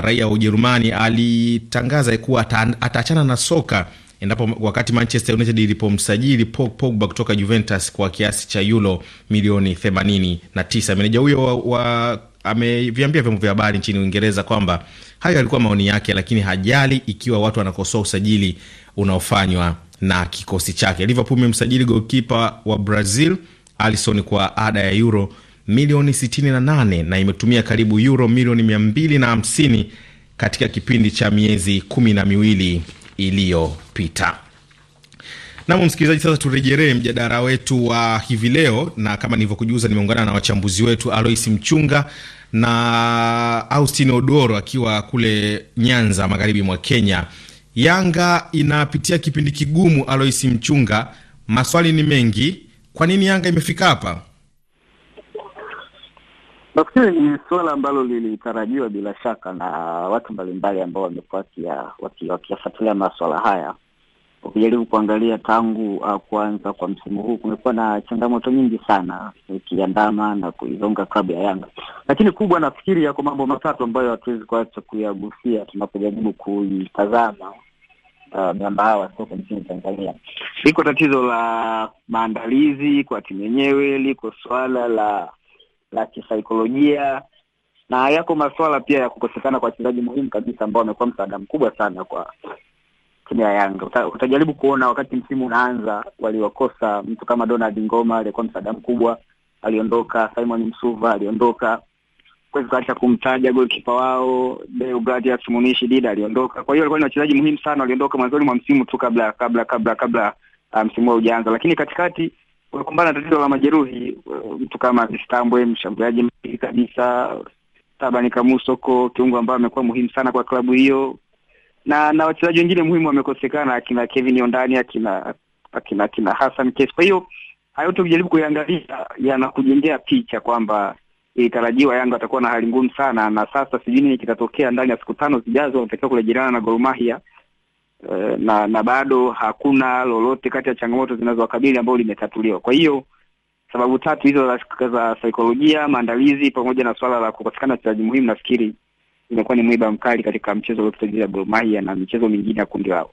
raia wa Ujerumani alitangaza kuwa ataachana na soka endapo wakati Manchester United ilipomsajili Pogba kutoka Juventus kwa kiasi cha euro milioni 89. Meneja huyo wa, wa ameviambia vyombo vya habari nchini Uingereza kwamba hayo yalikuwa maoni yake, lakini hajali ikiwa watu wanakosoa usajili unaofanywa na kikosi chake. Liverpool imemsajili golkipa wa Brazil Alisson kwa ada ya euro milioni 68 na imetumia karibu euro milioni 250 katika kipindi cha miezi kumi na miwili iliyopita. Nam msikilizaji, sasa turejelee mjadala wetu wa hivi leo, na kama nilivyokujuza, nimeungana na wachambuzi wetu Alois Mchunga na Austin Odoro akiwa kule Nyanza, magharibi mwa Kenya. Yanga inapitia kipindi kigumu. Alois Mchunga, maswali ni mengi. Kwa nini Yanga imefika hapa? Nafikiri ni suala ambalo lilitarajiwa bila shaka na watu mbalimbali ambao wamekuwa wakiyafuatilia maswala haya ukijaribu kuangalia tangu uh, kuanza kwa msimu huu kumekuwa na changamoto nyingi sana ukiandama na kuizonga klabu ya Yanga, lakini kubwa nafikiri yako mambo matatu ambayo hatuwezi kuacha kuyagusia tunapojaribu kuitazama uh, miamba uh, hawa soko nchini Tanzania. Liko tatizo la maandalizi kwa timu yenyewe, liko suala la la kisaikolojia na yako masuala pia ya kukosekana kwa wachezaji muhimu kabisa ambao wamekuwa msaada mkubwa sana kwa chini ya Yanga. Uta, utajaribu kuona wakati msimu unaanza waliwakosa mtu kama Donald Ngoma aliyekuwa msaada mkubwa, aliondoka. Simon Msuva aliondoka, hata kumtaja golkipa wao Deogratias Munishi Dida aliondoka. Kwa hiyo walikuwa ni wachezaji muhimu sana, waliondoka mwanzoni mwa msimu tu kabla kabla kabla kabla uh, msimu um, wao ujaanza, lakini katikati wamekumbana na tatizo la majeruhi, uh, mtu kama Kistambwe, mshambuliaji mzuri kabisa Tabani Kamusoko, kiungo ambaye amekuwa muhimu sana kwa klabu hiyo, na na wachezaji wengine muhimu wamekosekana, akina Kevin Ondani, akina akina akina Hassan Kesi. Kwa hiyo hayo tukijaribu kuiangalia yanakujengea picha kwamba ilitarajiwa eh, Yanga watakuwa na hali ngumu sana, na sasa sijui nini kitatokea ndani ya siku tano zijazo, wanatakiwa kurejeleana na Gor Mahia e, na na bado hakuna lolote kati ya changamoto zinazowakabili ambayo limetatuliwa. Kwa hiyo sababu tatu hizo za saikolojia, maandalizi pamoja na swala la kukosekana wachezaji muhimu, nafikiri imekuwa ni mwiba mkali katika mchezo uliotutajia Gor Mahia na michezo mingine ya kundi lao.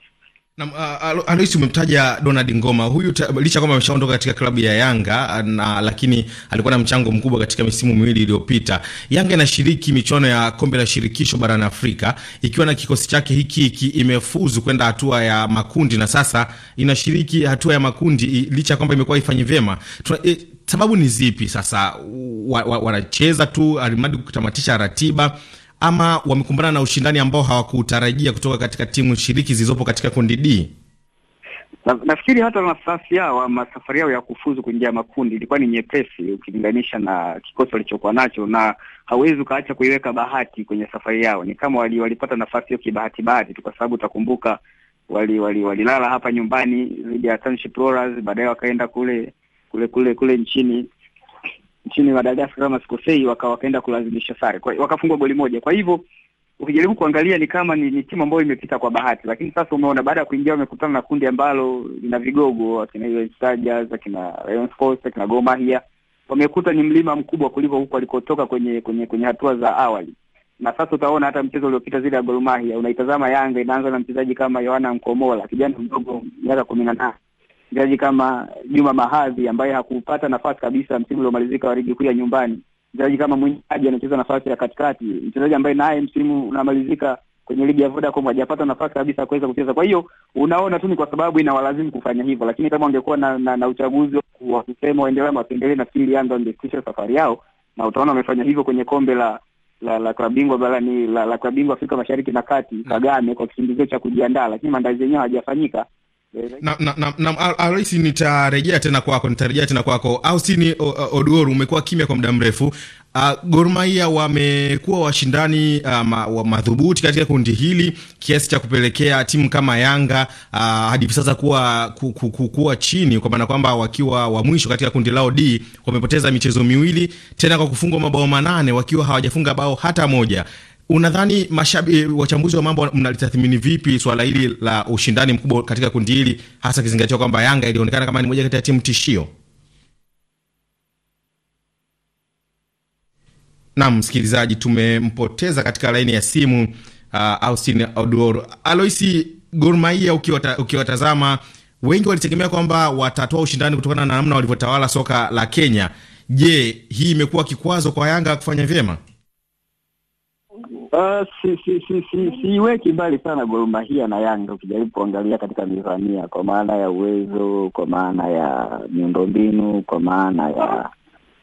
Na, uh, Aloisi, umemtaja Donald Ngoma huyu, licha kwamba ameshaondoka katika klabu ya Yanga uh, na lakini alikuwa na mchango mkubwa katika misimu miwili iliyopita. Yanga inashiriki michuano ya kombe la shirikisho barani Afrika ikiwa na kikosi chake hiki hiki, imefuzu kwenda hatua ya makundi na sasa inashiriki hatua ya makundi, licha kwamba imekuwa ifanyi vyema. e, Sababu ni zipi? Sasa wanacheza wa, wa tu alimadi kutamatisha ratiba ama wamekumbana na ushindani ambao hawakutarajia kutoka katika timu shiriki zilizopo katika kundi D? Na, nafikiri hata nafasi yao ama safari yao ya kufuzu kuingia makundi ilikuwa ni nyepesi ukilinganisha na kikosi walichokuwa nacho, na hawezi ukaacha kuiweka bahati kwenye safari yao. Ni kama wali, walipata nafasi hiyo kibahati bahati tu, kwa sababu utakumbuka walilala wali, walilala hapa nyumbani dhidi ya Township Rollers, baadaye wakaenda kule kule kule kule nchini nchini badala Afrika kama sikosei, waka wakaenda kulazimisha sare, kwa wakafungwa goli moja. Kwa hivyo ukijaribu kuangalia ni kama ni, ni timu ambayo imepita kwa bahati, lakini sasa umeona baada ya kuingia wamekutana na kundi ambalo lina vigogo akina akina Lion Sports, akina gomahia wamekuta ni mlima mkubwa kuliko huko alikotoka kwenye kwenye kwenye hatua za awali. Na sasa utaona hata mchezo uliopita zile ya Gor Mahia, unaitazama Yanga inaanza na mchezaji kama Yohana Mkomola, kijana mdogo miaka kumi na nane mchezaji kama Juma Mahadhi ambaye hakupata nafasi kabisa msimu uliomalizika wa ligi kuu ya nyumbani, mchezaji kama Mwinaji anacheza nafasi ya katikati, mchezaji ambaye naye msimu unamalizika kwenye ligi ya Vodacom hajapata nafasi kabisa kuweza kucheza. Kwa hiyo unaona tu ni kwa sababu inawalazimu kufanya hivyo, lakini kama wangekuwa na, na, na uchaguzi wa kusema waendelee ama wapendelee, nafikiri Yanga wangekwisha safari yao, na utaona wamefanya hivyo kwenye kombe la la la klabu bingwa barani la, la klabu bingwa Afrika Mashariki na Kati mm. Kagame, kwa kisingizio cha kujiandaa, lakini maandalizi yenyewe hajafanyika na, na, na, na Aloisi, nitarejea tena kwako, nitarejea tena kwako. Austin Oduoru, umekuwa kimya kwa muda mrefu. Uh, Gor Mahia wamekuwa washindani uh, wa madhubuti katika kundi hili kiasi cha kupelekea timu kama Yanga uh, hadi sasa kuwa, ku, ku, ku, kuwa chini kwa maana kwamba wakiwa wa mwisho katika kundi lao D, wamepoteza michezo miwili tena kwa kufungwa mabao manane wakiwa hawajafunga bao hata moja. Unadhani mashabi, eh, wachambuzi wa mambo mnalitathmini vipi swala hili la ushindani mkubwa katika kundi hili, hasa kizingatia kwamba Yanga ilionekana kama ni moja kati ya timu tishio? Naam, msikilizaji, tumempoteza katika laini ya simu. Uh, Austin Odor Aloisi, Gormaia. Ukiwatazama ukiwatazama, wengi walitegemea kwamba watatoa ushindani kutokana na namna walivyotawala soka la Kenya. Je, hii imekuwa kikwazo kwa Yanga kufanya vyema? si, si, si, si, siweki mbali sana Gor Mahia na Yanga ukijaribu kuangalia katika mizania, kwa maana ya uwezo, kwa maana ya miundombinu, kwa maana ya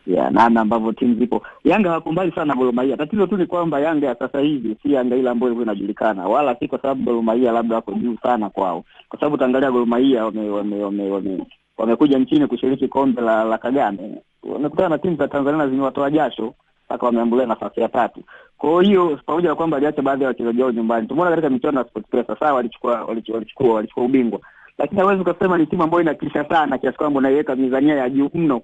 ya namna ambavyo timu zipo. Yanga hako mbali sana Gor Mahia. Tatizo tu ni kwamba Yanga ya sasa hivi si Yanga ile ambayo ilikuwa inajulikana, wala si kwa sababu Gor Mahia labda wako juu sana kwao, kwa sababu utaangalia Gor Mahia wame wamekuja wame, wame, nchini kushiriki kombe la, la Kagame, wamekutana na timu za Tanzania zimewatoa jasho mpaka wameambulia nafasi ya tatu. Kwa hiyo pamoja na kwamba waliacha baadhi ya wachezaji wao nyumbani, tumeona katika michuano ya SportPesa sasa walichukua walichukua walichukua ubingwa, lakini hawezi ukasema ni timu ambayo inatisha sana kiasi kwamba unaiweka mizania ya juu mno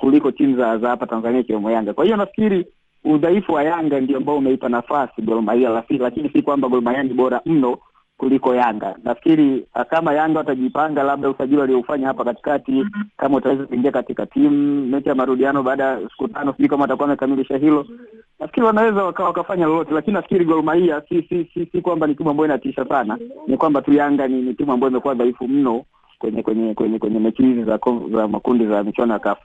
kuliko timu za za hapa Tanzania ikiwemo Yanga. Kwa hiyo nafikiri udhaifu wa Yanga ndio ambao umeipa nafasi Gor Mahia, lakini si kwamba Gor Mahia ni bora mno kuliko Yanga. Nafikiri ah, kama Yanga watajipanga, labda usajili walioufanya hapa katikati, mhm. kama utaweza kuingia katika timu mechi ya marudiano baada ya siku tano, sijui kama watakuwa wamekamilisha hilo. Nafikiri wanaweza waka, wakafanya lolote, lakini nafikiri Gor Mahia si si si, si kwamba ni timu ambayo inatisha sana, ni kwamba tu Yanga ni, ni timu ambayo imekuwa dhaifu mno kwenye kwenye kwenye kwenye mechi hizi za, za makundi za michuano ya kafu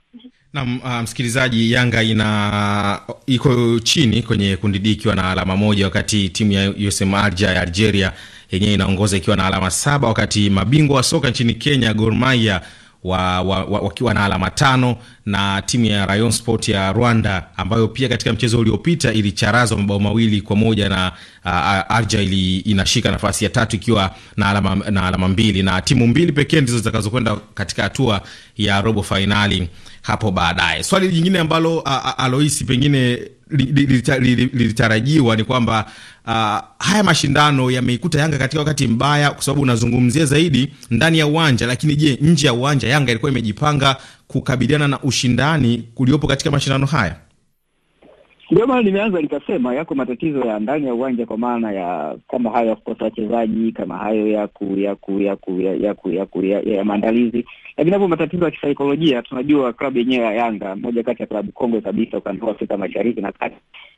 naam. Uh, msikilizaji, Yanga ina iko chini kwenye kundi D ikiwa na alama moja, wakati timu ya USM Alger ya Algeria yenyewe inaongoza ikiwa na alama saba, wakati mabingwa wa soka nchini Kenya Gor Mahia wa, wa, wa, wakiwa na alama tano na timu ya Rayon Sport ya Rwanda ambayo pia katika mchezo uliopita ilicharazwa mabao mawili kwa moja na uh, Arja ili inashika nafasi ya tatu ikiwa na alama, na alama mbili na timu mbili pekee ndizo zitakazokwenda katika hatua ya robo fainali hapo baadaye. Swali jingine ambalo uh, Aloisi pengine lilitarajiwa ni kwamba uh, haya mashindano yameikuta Yanga katika wakati mbaya, kwa sababu unazungumzia zaidi ndani ya uwanja, lakini je, nje ya uwanja Yanga ilikuwa imejipanga kukabiliana na ushindani uliopo katika mashindano haya? Ndio maana nimeanza nikasema yako matatizo ya ndani ya uwanja, kwa maana ya kama hayo ya kukosa wachezaji, kama hayo ya ya maandalizi, lakini hapo matatizo ya kisaikolojia. Tunajua klabu yenyewe ya Yanga, moja kati ya klabu kongwe kabisa ukanda wa Afrika Mashariki na kati,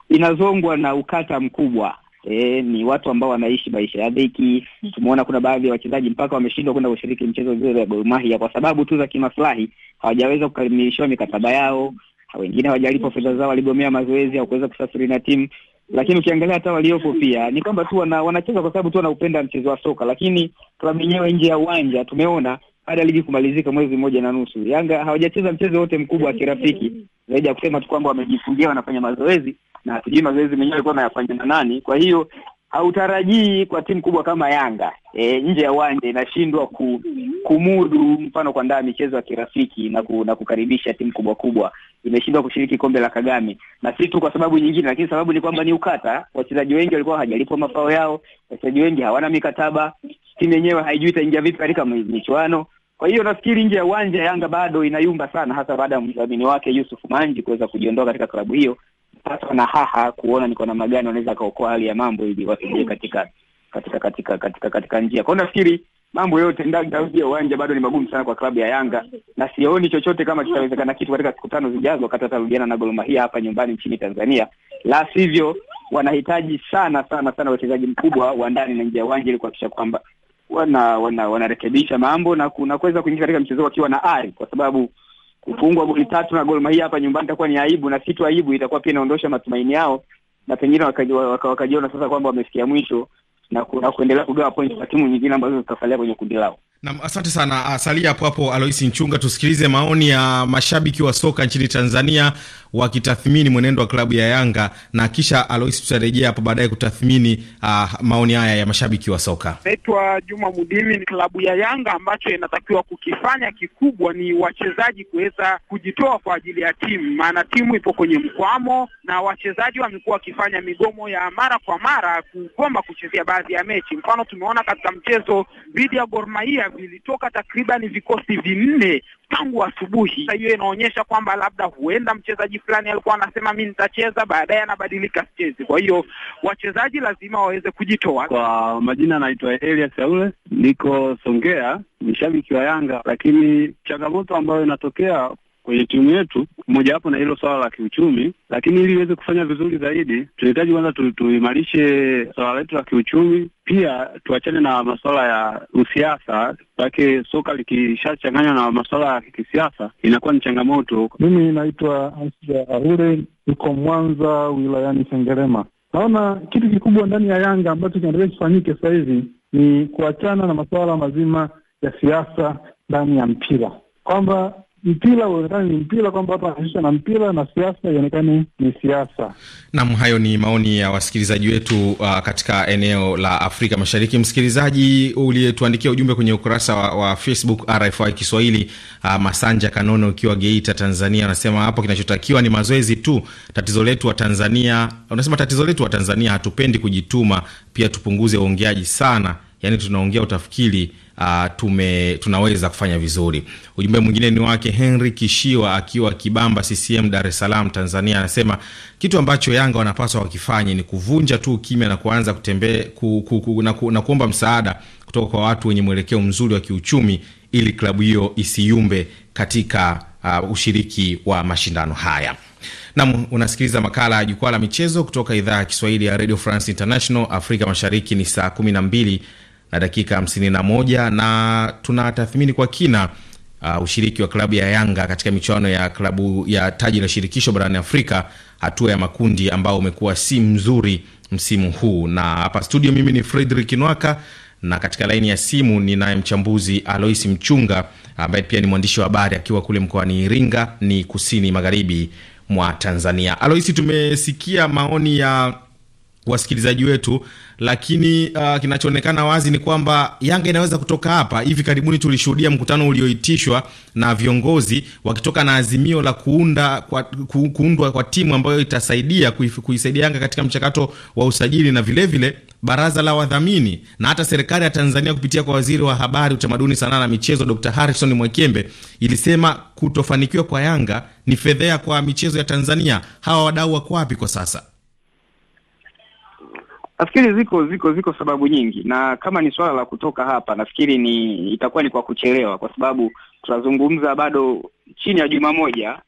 inazongwa na ukata mkubwa e, ni watu ambao wanaishi maisha ya dhiki. Tumeona kuna baadhi ya wachezaji mpaka wameshindwa kwenda kushiriki mchezo zile za Gor Mahia kwa sababu tu za kimaslahi, hawajaweza kukamilishiwa mikataba yao, wengine hawajalipwa fedha zao, waligomea mazoezi au kuweza kusafiri na timu. Lakini ukiangalia hata waliopo pia ni kwamba tu wana, wanacheza kwa sababu tu wanaupenda mchezo wa soka, lakini klabu yenyewe nje ya uwanja tumeona baada ya ligi kumalizika mwezi mmoja na nusu, Yanga hawajacheza mchezo wote mkubwa wa kirafiki zaidi ya kusema tu kwamba wamejifungia, wanafanya mazoezi na hatujui mazoezi menyewe alikuwa anayafanya na nani. Kwa hiyo hautarajii kwa timu kubwa kama Yanga e, nje ya uwanja inashindwa ku, kumudu mfano kuandaa michezo ya kirafiki na, ku, na kukaribisha timu kubwa kubwa. Imeshindwa kushiriki kombe la Kagame na si tu kwa sababu nyingine, lakini sababu ni kwamba ni ukata. Wachezaji wengi walikuwa hajalipwa mafao yao, wachezaji wengi hawana mikataba timu yenyewe haijui itaingia vipi katika michuano. Kwa hiyo nafikiri nje ya uwanja Yanga bado inayumba sana, hasa baada ya mdhamini wake Yusuf Manji kuweza kujiondoa katika klabu hiyo. Sasa na haha kuona ni kwa namna gani wanaweza kaokoa hali ya mambo ili wafikie katika katika katika katika katika njia. Kwa hiyo nafikiri mambo yote ndani ya uwanja bado ni magumu sana kwa klabu ya Yanga, na sioni chochote kama kitawezekana kitu katika siku tano zijazo, wakati watarudiana na Gor Mahia hapa nyumbani nchini Tanzania. La sivyo, wanahitaji sana sana sana wachezaji mkubwa wa ndani na nje ya uwanja ili kuhakikisha kwamba wana wanarekebisha wana mambo na kuweza kuingia katika mchezo wakiwa na ari, kwa sababu kufungwa goli tatu na goli Mahia hapa nyumbani itakuwa ni aibu, na si tu aibu, itakuwa pia inaondosha matumaini yao, na pengine wakajiona waka, waka, sasa kwamba wamefikia mwisho na, na kuendelea kugawa pointi kwa timu nyingine ambazo zitasalia kwenye kundi lao. Nam, asante sana. Ah, Salia hapo hapo, Aloisi Nchunga. Tusikilize maoni ya mashabiki wa soka nchini Tanzania wakitathmini mwenendo wa klabu ya Yanga na kisha Aloisi, tutarejea hapo baadaye kutathmini uh, maoni haya ya mashabiki wa soka. Naitwa Juma Mudimi. Ni klabu ya Yanga ambacho inatakiwa kukifanya kikubwa ni wachezaji kuweza kujitoa kwa ajili ya timu, maana timu ipo kwenye mkwamo na wachezaji wamekuwa wakifanya migomo ya mara kwa mara kugomba kuchezea baadhi ya mechi. Mfano tumeona katika mchezo dhidi ya Gor Mahia vilitoka takribani vikosi vinne tangu asubuhi. Hiyo inaonyesha kwamba labda huenda mchezaji fulani alikuwa anasema mi nitacheza, baadaye anabadilika sichezi. Kwa hiyo wachezaji lazima waweze kujitoa. Kwa majina anaitwa Elias aule niko Songea, ni shabiki wa Yanga, lakini changamoto ambayo inatokea kwenye timu yetu, mojawapo na hilo swala la kiuchumi, lakini ili iweze kufanya vizuri zaidi tunahitaji kwanza tuimarishe swala letu la kiuchumi, pia tuachane na masuala ya usiasa lake. Soka likishachanganywa na masuala ya kisiasa inakuwa ni changamoto. Mimi naitwa Ansija Aure, uko Mwanza wilayani Sengerema. Naona kitu kikubwa ndani ya Yanga ambacho kinaendelea kifanyike sasa hivi ni kuachana na masuala mazima ya siasa ndani ya mpira, kwamba mpira uonekane ni mpira, kwamba watu wanaisha na mpira na siasa ionekane ni siasa. Nam, hayo ni maoni ya wasikilizaji wetu uh, katika eneo la Afrika Mashariki. Msikilizaji uliyetuandikia ujumbe kwenye ukurasa wa, wa Facebook RFI Kiswahili, uh, Masanja Kanono ukiwa Geita, Tanzania, anasema hapo kinachotakiwa ni mazoezi tu. Tatizo letu wa Tanzania, unasema tatizo letu wa Tanzania hatupendi kujituma, pia tupunguze uongeaji sana yani tunaongea utafikiri Uh, tume, tunaweza kufanya vizuri. Ujumbe mwingine ni wake Henry Kishiwa akiwa Kibamba CCM Dar es Salaam Tanzania, anasema kitu ambacho Yanga wanapaswa wakifanye ni kuvunja tu ukimya na kuanza kutembea ku, ku, ku, na, ku, na kuomba msaada kutoka kwa watu wenye mwelekeo mzuri wa kiuchumi ili klabu hiyo isiyumbe katika uh, ushiriki wa mashindano haya. Nam, unasikiliza makala ya Jukwaa la Michezo kutoka idhaa ya Kiswahili ya Radio France International. Afrika Mashariki ni saa 12 na dakika 51 na na tunatathmini kwa kina uh, ushiriki wa klabu ya Yanga katika michuano ya klabu ya taji la shirikisho barani Afrika hatua ya makundi ambao umekuwa si mzuri msimu huu. Na hapa studio mimi ni Fredrick Nwaka na katika laini ya simu ninaye mchambuzi Alois Mchunga ambaye pia ni mwandishi wa habari akiwa kule mkoani Iringa, ni kusini magharibi mwa Tanzania. Alois, tumesikia maoni ya wasikilizaji wetu, lakini uh, kinachoonekana wazi ni kwamba Yanga inaweza kutoka hapa. Hivi karibuni tulishuhudia mkutano ulioitishwa na viongozi wakitoka na azimio la kuunda kwa, ku, kuundwa kwa timu ambayo itasaidia kuisaidia Yanga katika mchakato wa usajili na vilevile vile, baraza la wadhamini na hata serikali ya Tanzania kupitia kwa waziri wa habari, utamaduni, sanaa na michezo Dr. Harrison Mwekembe ilisema kutofanikiwa kwa Yanga ni fedhea kwa michezo ya Tanzania. Hawa wadau wako wapi kwa sasa? Nafikiri ziko ziko ziko sababu nyingi, na kama ni swala la kutoka hapa, nafikiri ni itakuwa ni kwa kuchelewa, kwa sababu tunazungumza bado chini ya juma moja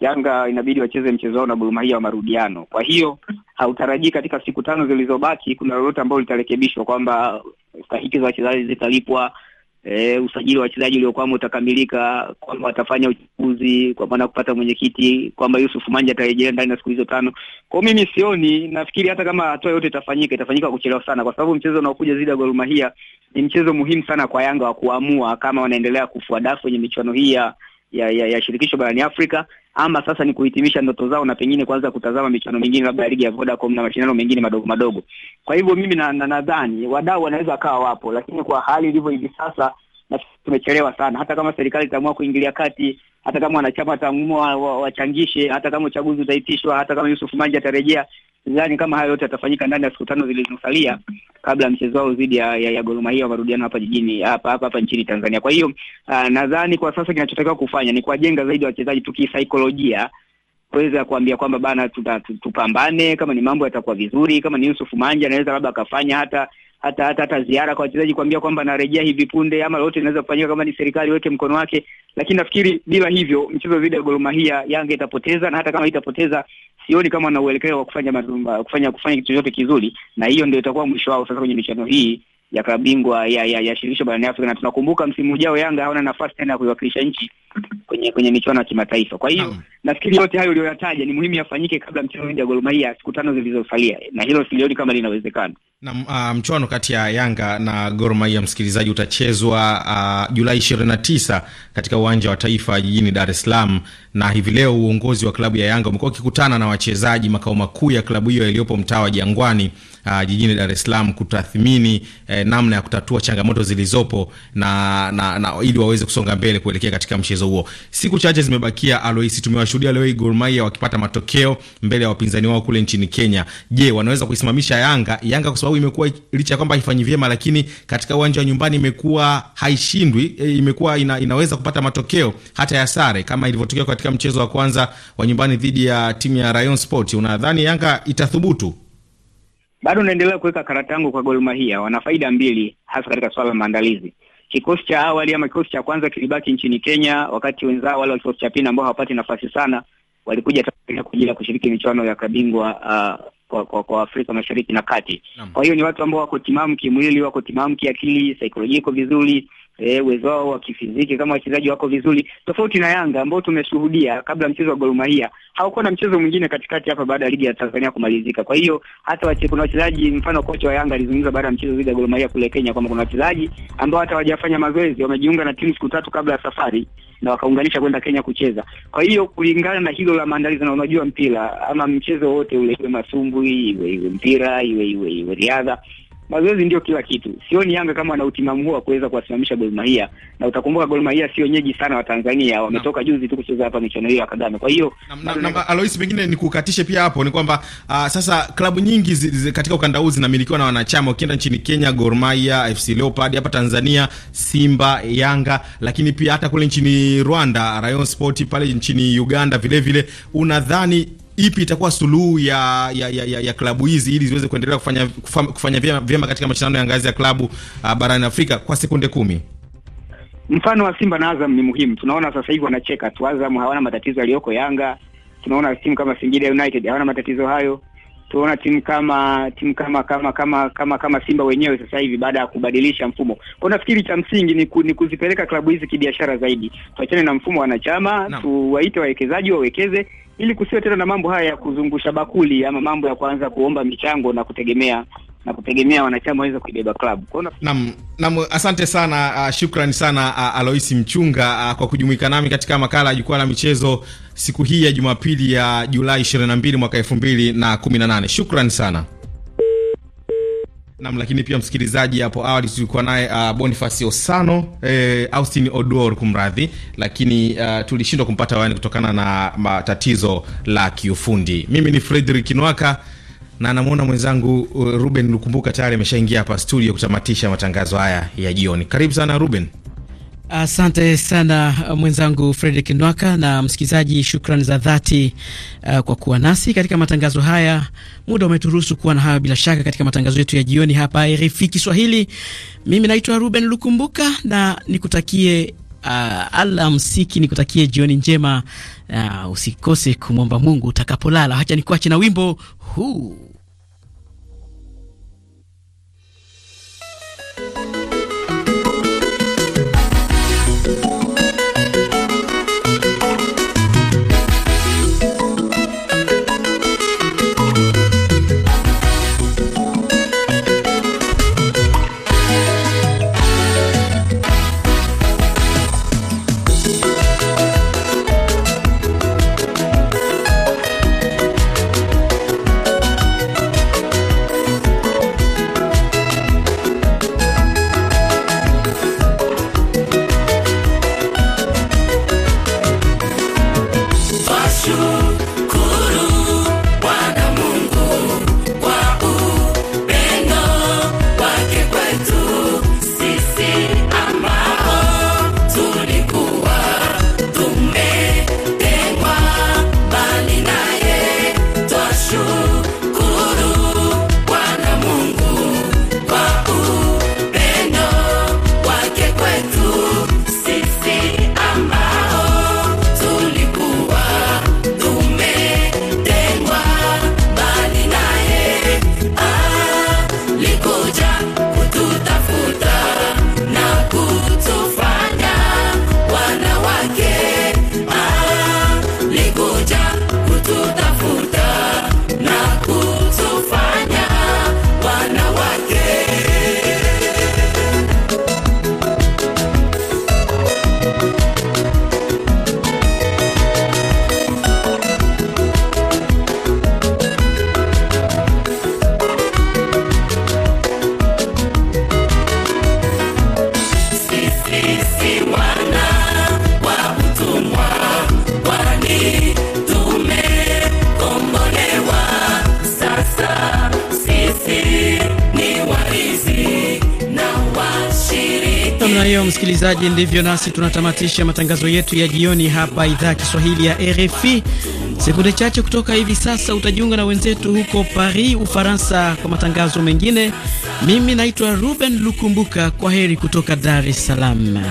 Yanga inabidi wacheze mchezo wao na Gor Mahia wa marudiano. Kwa hiyo hautarajii katika siku tano zilizobaki kuna lolote ambalo litarekebishwa, kwamba stahiki za wachezaji zitalipwa, e, usajili wa wachezaji uliokwama utakamilika, kwamba watafanya uchaguzi kwa maana kupata mwenyekiti, kwamba Yusuf Manja atarejea ndani ya siku hizo tano. Kwa mimi sioni, nafikiri hata kama hatua yote itafanyika, itafanyika kwa kuchelewa sana, kwa sababu mchezo unaokuja zidi ya Gor Mahia ni mchezo muhimu sana kwa Yanga wa kuamua kama wanaendelea kufua dafu kwenye michuano hii ya ya, ya, ya shirikisho barani Afrika ama sasa ni kuhitimisha ndoto zao na pengine kuanza kutazama michuano mingine labda ligi ya Vodacom na mashindano mengine madogo madogo. Kwa hivyo mimi nadhani na, na wadau wanaweza wakawa wapo, lakini kwa hali ilivyo hivi sasa na tumechelewa sana. Hata kama serikali itaamua kuingilia kati hata kama wanachama wataamua wachangishe, hata kama uchaguzi utaitishwa, hata kama Yusuf Manji atarejea. Sidhani kama hayo yote yatafanyika ndani ya siku tano zilizosalia kabla ya mchezo wao dhidi ya, ya, ya Gor Mahia warudiana hapa jijini hapa hapa hapa nchini Tanzania. Kwa hiyo ah, nadhani kwa sasa kinachotakiwa kufanya ni kuwajenga zaidi wachezaji tu kisaikolojia kuweza kuambia kwamba bana, tupambane, Kama ni mambo yatakuwa vizuri, kama ni Yusuf Manja anaweza labda akafanya hata hata hata hata ziara kwa wachezaji kuambia kwamba narejea hivi punde, ama lolote linaweza kufanyika kama ni serikali iweke mkono wake. Lakini nafikiri bila hivyo mchezo dhidi ya Gor Mahia Yanga itapoteza, na hata kama itapoteza sioni kama ana uelekeo wa kufanya kufanya kufanya kitu chochote kizuri, na hiyo ndio itakuwa mwisho wao sasa kwenye michuano hii ya kabingwa ya, ya, ya shirikisho barani Afrika, na tunakumbuka msimu ujao Yanga hawana nafasi tena ya kuiwakilisha nchi kwenye kwenye michuano ya kimataifa. Kwa hiyo nafikiri yote hayo uliyoyataja ni muhimu yafanyike kabla mchezo wa Gor Mahia siku tano zilizosalia, na hilo silioni kama linawezekana. Na uh, ah, mchuano kati ya Yanga na Gor Mahia, msikilizaji, utachezwa uh, Julai 29 katika uwanja wa Taifa jijini Dar es Salaam, na hivi leo uongozi wa klabu ya Yanga umekuwa ukikutana na wachezaji makao makuu ya klabu hiyo yaliyopo mtaa wa Jangwani, uh, jijini Dar es Salaam kutathmini eh, eh, namna ya kutatua changamoto zilizopo na, na, na ili waweze kusonga mbele kuelekea katika mchezo huo. Siku chache zimebakia, Aloisi, tumewashuhudia leo hii Gor Mahia wakipata matokeo mbele ya wapinzani wao kule nchini Kenya. Je, wanaweza kuisimamisha Yanga? Yanga kwa sababu imekuwa licha ya kwamba haifanyi vyema, lakini katika uwanja wa nyumbani imekuwa haishindwi, e, imekuwa ina, inaweza kupata matokeo hata ya sare kama ilivyotokea katika mchezo wa kwanza wa nyumbani dhidi ya timu ya Rayon Sport. Unadhani Yanga itathubutu? Bado naendelea kuweka karata yangu kwa Gor Mahia. Wana faida mbili, hasa katika swala la maandalizi. Kikosi cha awali ama kikosi cha kwanza kilibaki nchini Kenya, wakati wenzao wale wa kikosi cha pili ambao hawapati nafasi sana walikuja Tanzania kwa ajili ya kushiriki michuano ya kabingwa uh, ah, kwa, kwa, kwa Afrika Mashariki na Kati. Kwa hiyo ni watu ambao wako timamu kimwili, wako timamu kiakili, saikolojia iko vizuri, eh, uwezo wao wa kifiziki kama wachezaji wako vizuri, tofauti na Yanga ambao tumeshuhudia kabla mchezo wa Gor Mahia hawakuwa na mchezo mwingine katikati hapa baada ya ligi ya Tanzania kumalizika. Kwa hiyo hata wache, kuna wachezaji mfano kocha wa Yanga alizungumza baada ya mchezo dhidi ya Gor Mahia kule Kenya kwamba kuna wachezaji ambao hata hawajafanya mazoezi, wamejiunga na timu siku tatu kabla ya safari na wakaunganisha kwenda Kenya kucheza. Kwa hiyo kulingana na hilo la maandalizi, na unajua mpira ama mchezo wote ule, iwe masumbwi iwe iwe mpira iwe iwe iwe riadha mazoezi ndio kila kitu. Sioni Yanga kama ana utimamu huo wa kuweza kuwasimamisha Gor Mahia, na utakumbuka Gor Mahia sio nyeji sana wa Tanzania, wametoka juzi tu kucheza hapa michuano hiyo ya Kagame. Kwa hiyo Alois, pengine nikukatishe pia hapo ni kwamba uh, sasa klabu nyingi zi, zi, katika ukanda huu zinamilikiwa na wanachama. Ukienda nchini Kenya, Gor Mahia, FC Leopard, hapa Tanzania Simba, Yanga, lakini pia hata kule nchini Rwanda Rayon Sport, pale nchini Uganda vile vile. Unadhani ipi itakuwa suluhu ya, ya, ya, ya, ya klabu hizi ili ziweze kuendelea kufanya, kufanya vyema, vyema katika mashindano ya ngazi ya klabu uh, barani Afrika kwa sekunde kumi? Mfano wa Simba na Azam ni muhimu. Tunaona sasa hivi wanacheka tu. Azam hawana matatizo yaliyoko Yanga. Tunaona timu kama Singida United hawana matatizo hayo tuona timu kama timu kama kama kama kama kama Simba wenyewe sasa hivi baada ya kubadilisha mfumo. Kwa nafikiri cha msingi ni, ku, ni kuzipeleka klabu hizi kibiashara zaidi, tuachane na mfumo wa wanachama no. Tuwaite wawekezaji wawekeze ili kusiwe tena na mambo haya ya kuzungusha bakuli ama mambo ya kuanza kuomba michango na kutegemea na kutegemea wanachama waweza kuibeba klabu. nam naam, asante sana uh, shukrani sana uh, Aloisi Mchunga uh, kwa kujumuika nami katika makala ya jukwaa la michezo siku hii ya Jumapili ya Julai 22 mwaka 2018. Shukrani sana. Nam, lakini pia msikilizaji, hapo awali tulikuwa naye uh, Boniface Osano eh, Austin Odor kumradhi, lakini uh, tulishindwa kumpata wani kutokana na matatizo la kiufundi. Mimi ni Frederick Nwaka na namwona mwenzangu uh, Ruben Lukumbuka tayari ameshaingia hapa studio kutamatisha matangazo haya ya jioni. Karibu sana Ruben. Asante sana uh, mwenzangu Fredrick Nwaka na msikilizaji, shukrani za dhati uh, kwa kuwa nasi katika matangazo haya. Muda umeturuhusu kuwa na hayo bila shaka katika matangazo yetu ya jioni hapa RFI Kiswahili. Mimi naitwa Ruben Lukumbuka na nikutakie uh, alamsiki, nikutakie jioni njema. Uh, usikose kumwomba Mungu utakapolala. Hacha nikuache na wimbo huu. ilivyo, nasi tunatamatisha matangazo yetu ya jioni hapa idhaa ya Kiswahili ya RFI. Sekunde chache kutoka hivi sasa utajiunga na wenzetu huko Paris, Ufaransa, kwa matangazo mengine. Mimi naitwa Ruben Lukumbuka, kwa heri kutoka Dar es Salaam.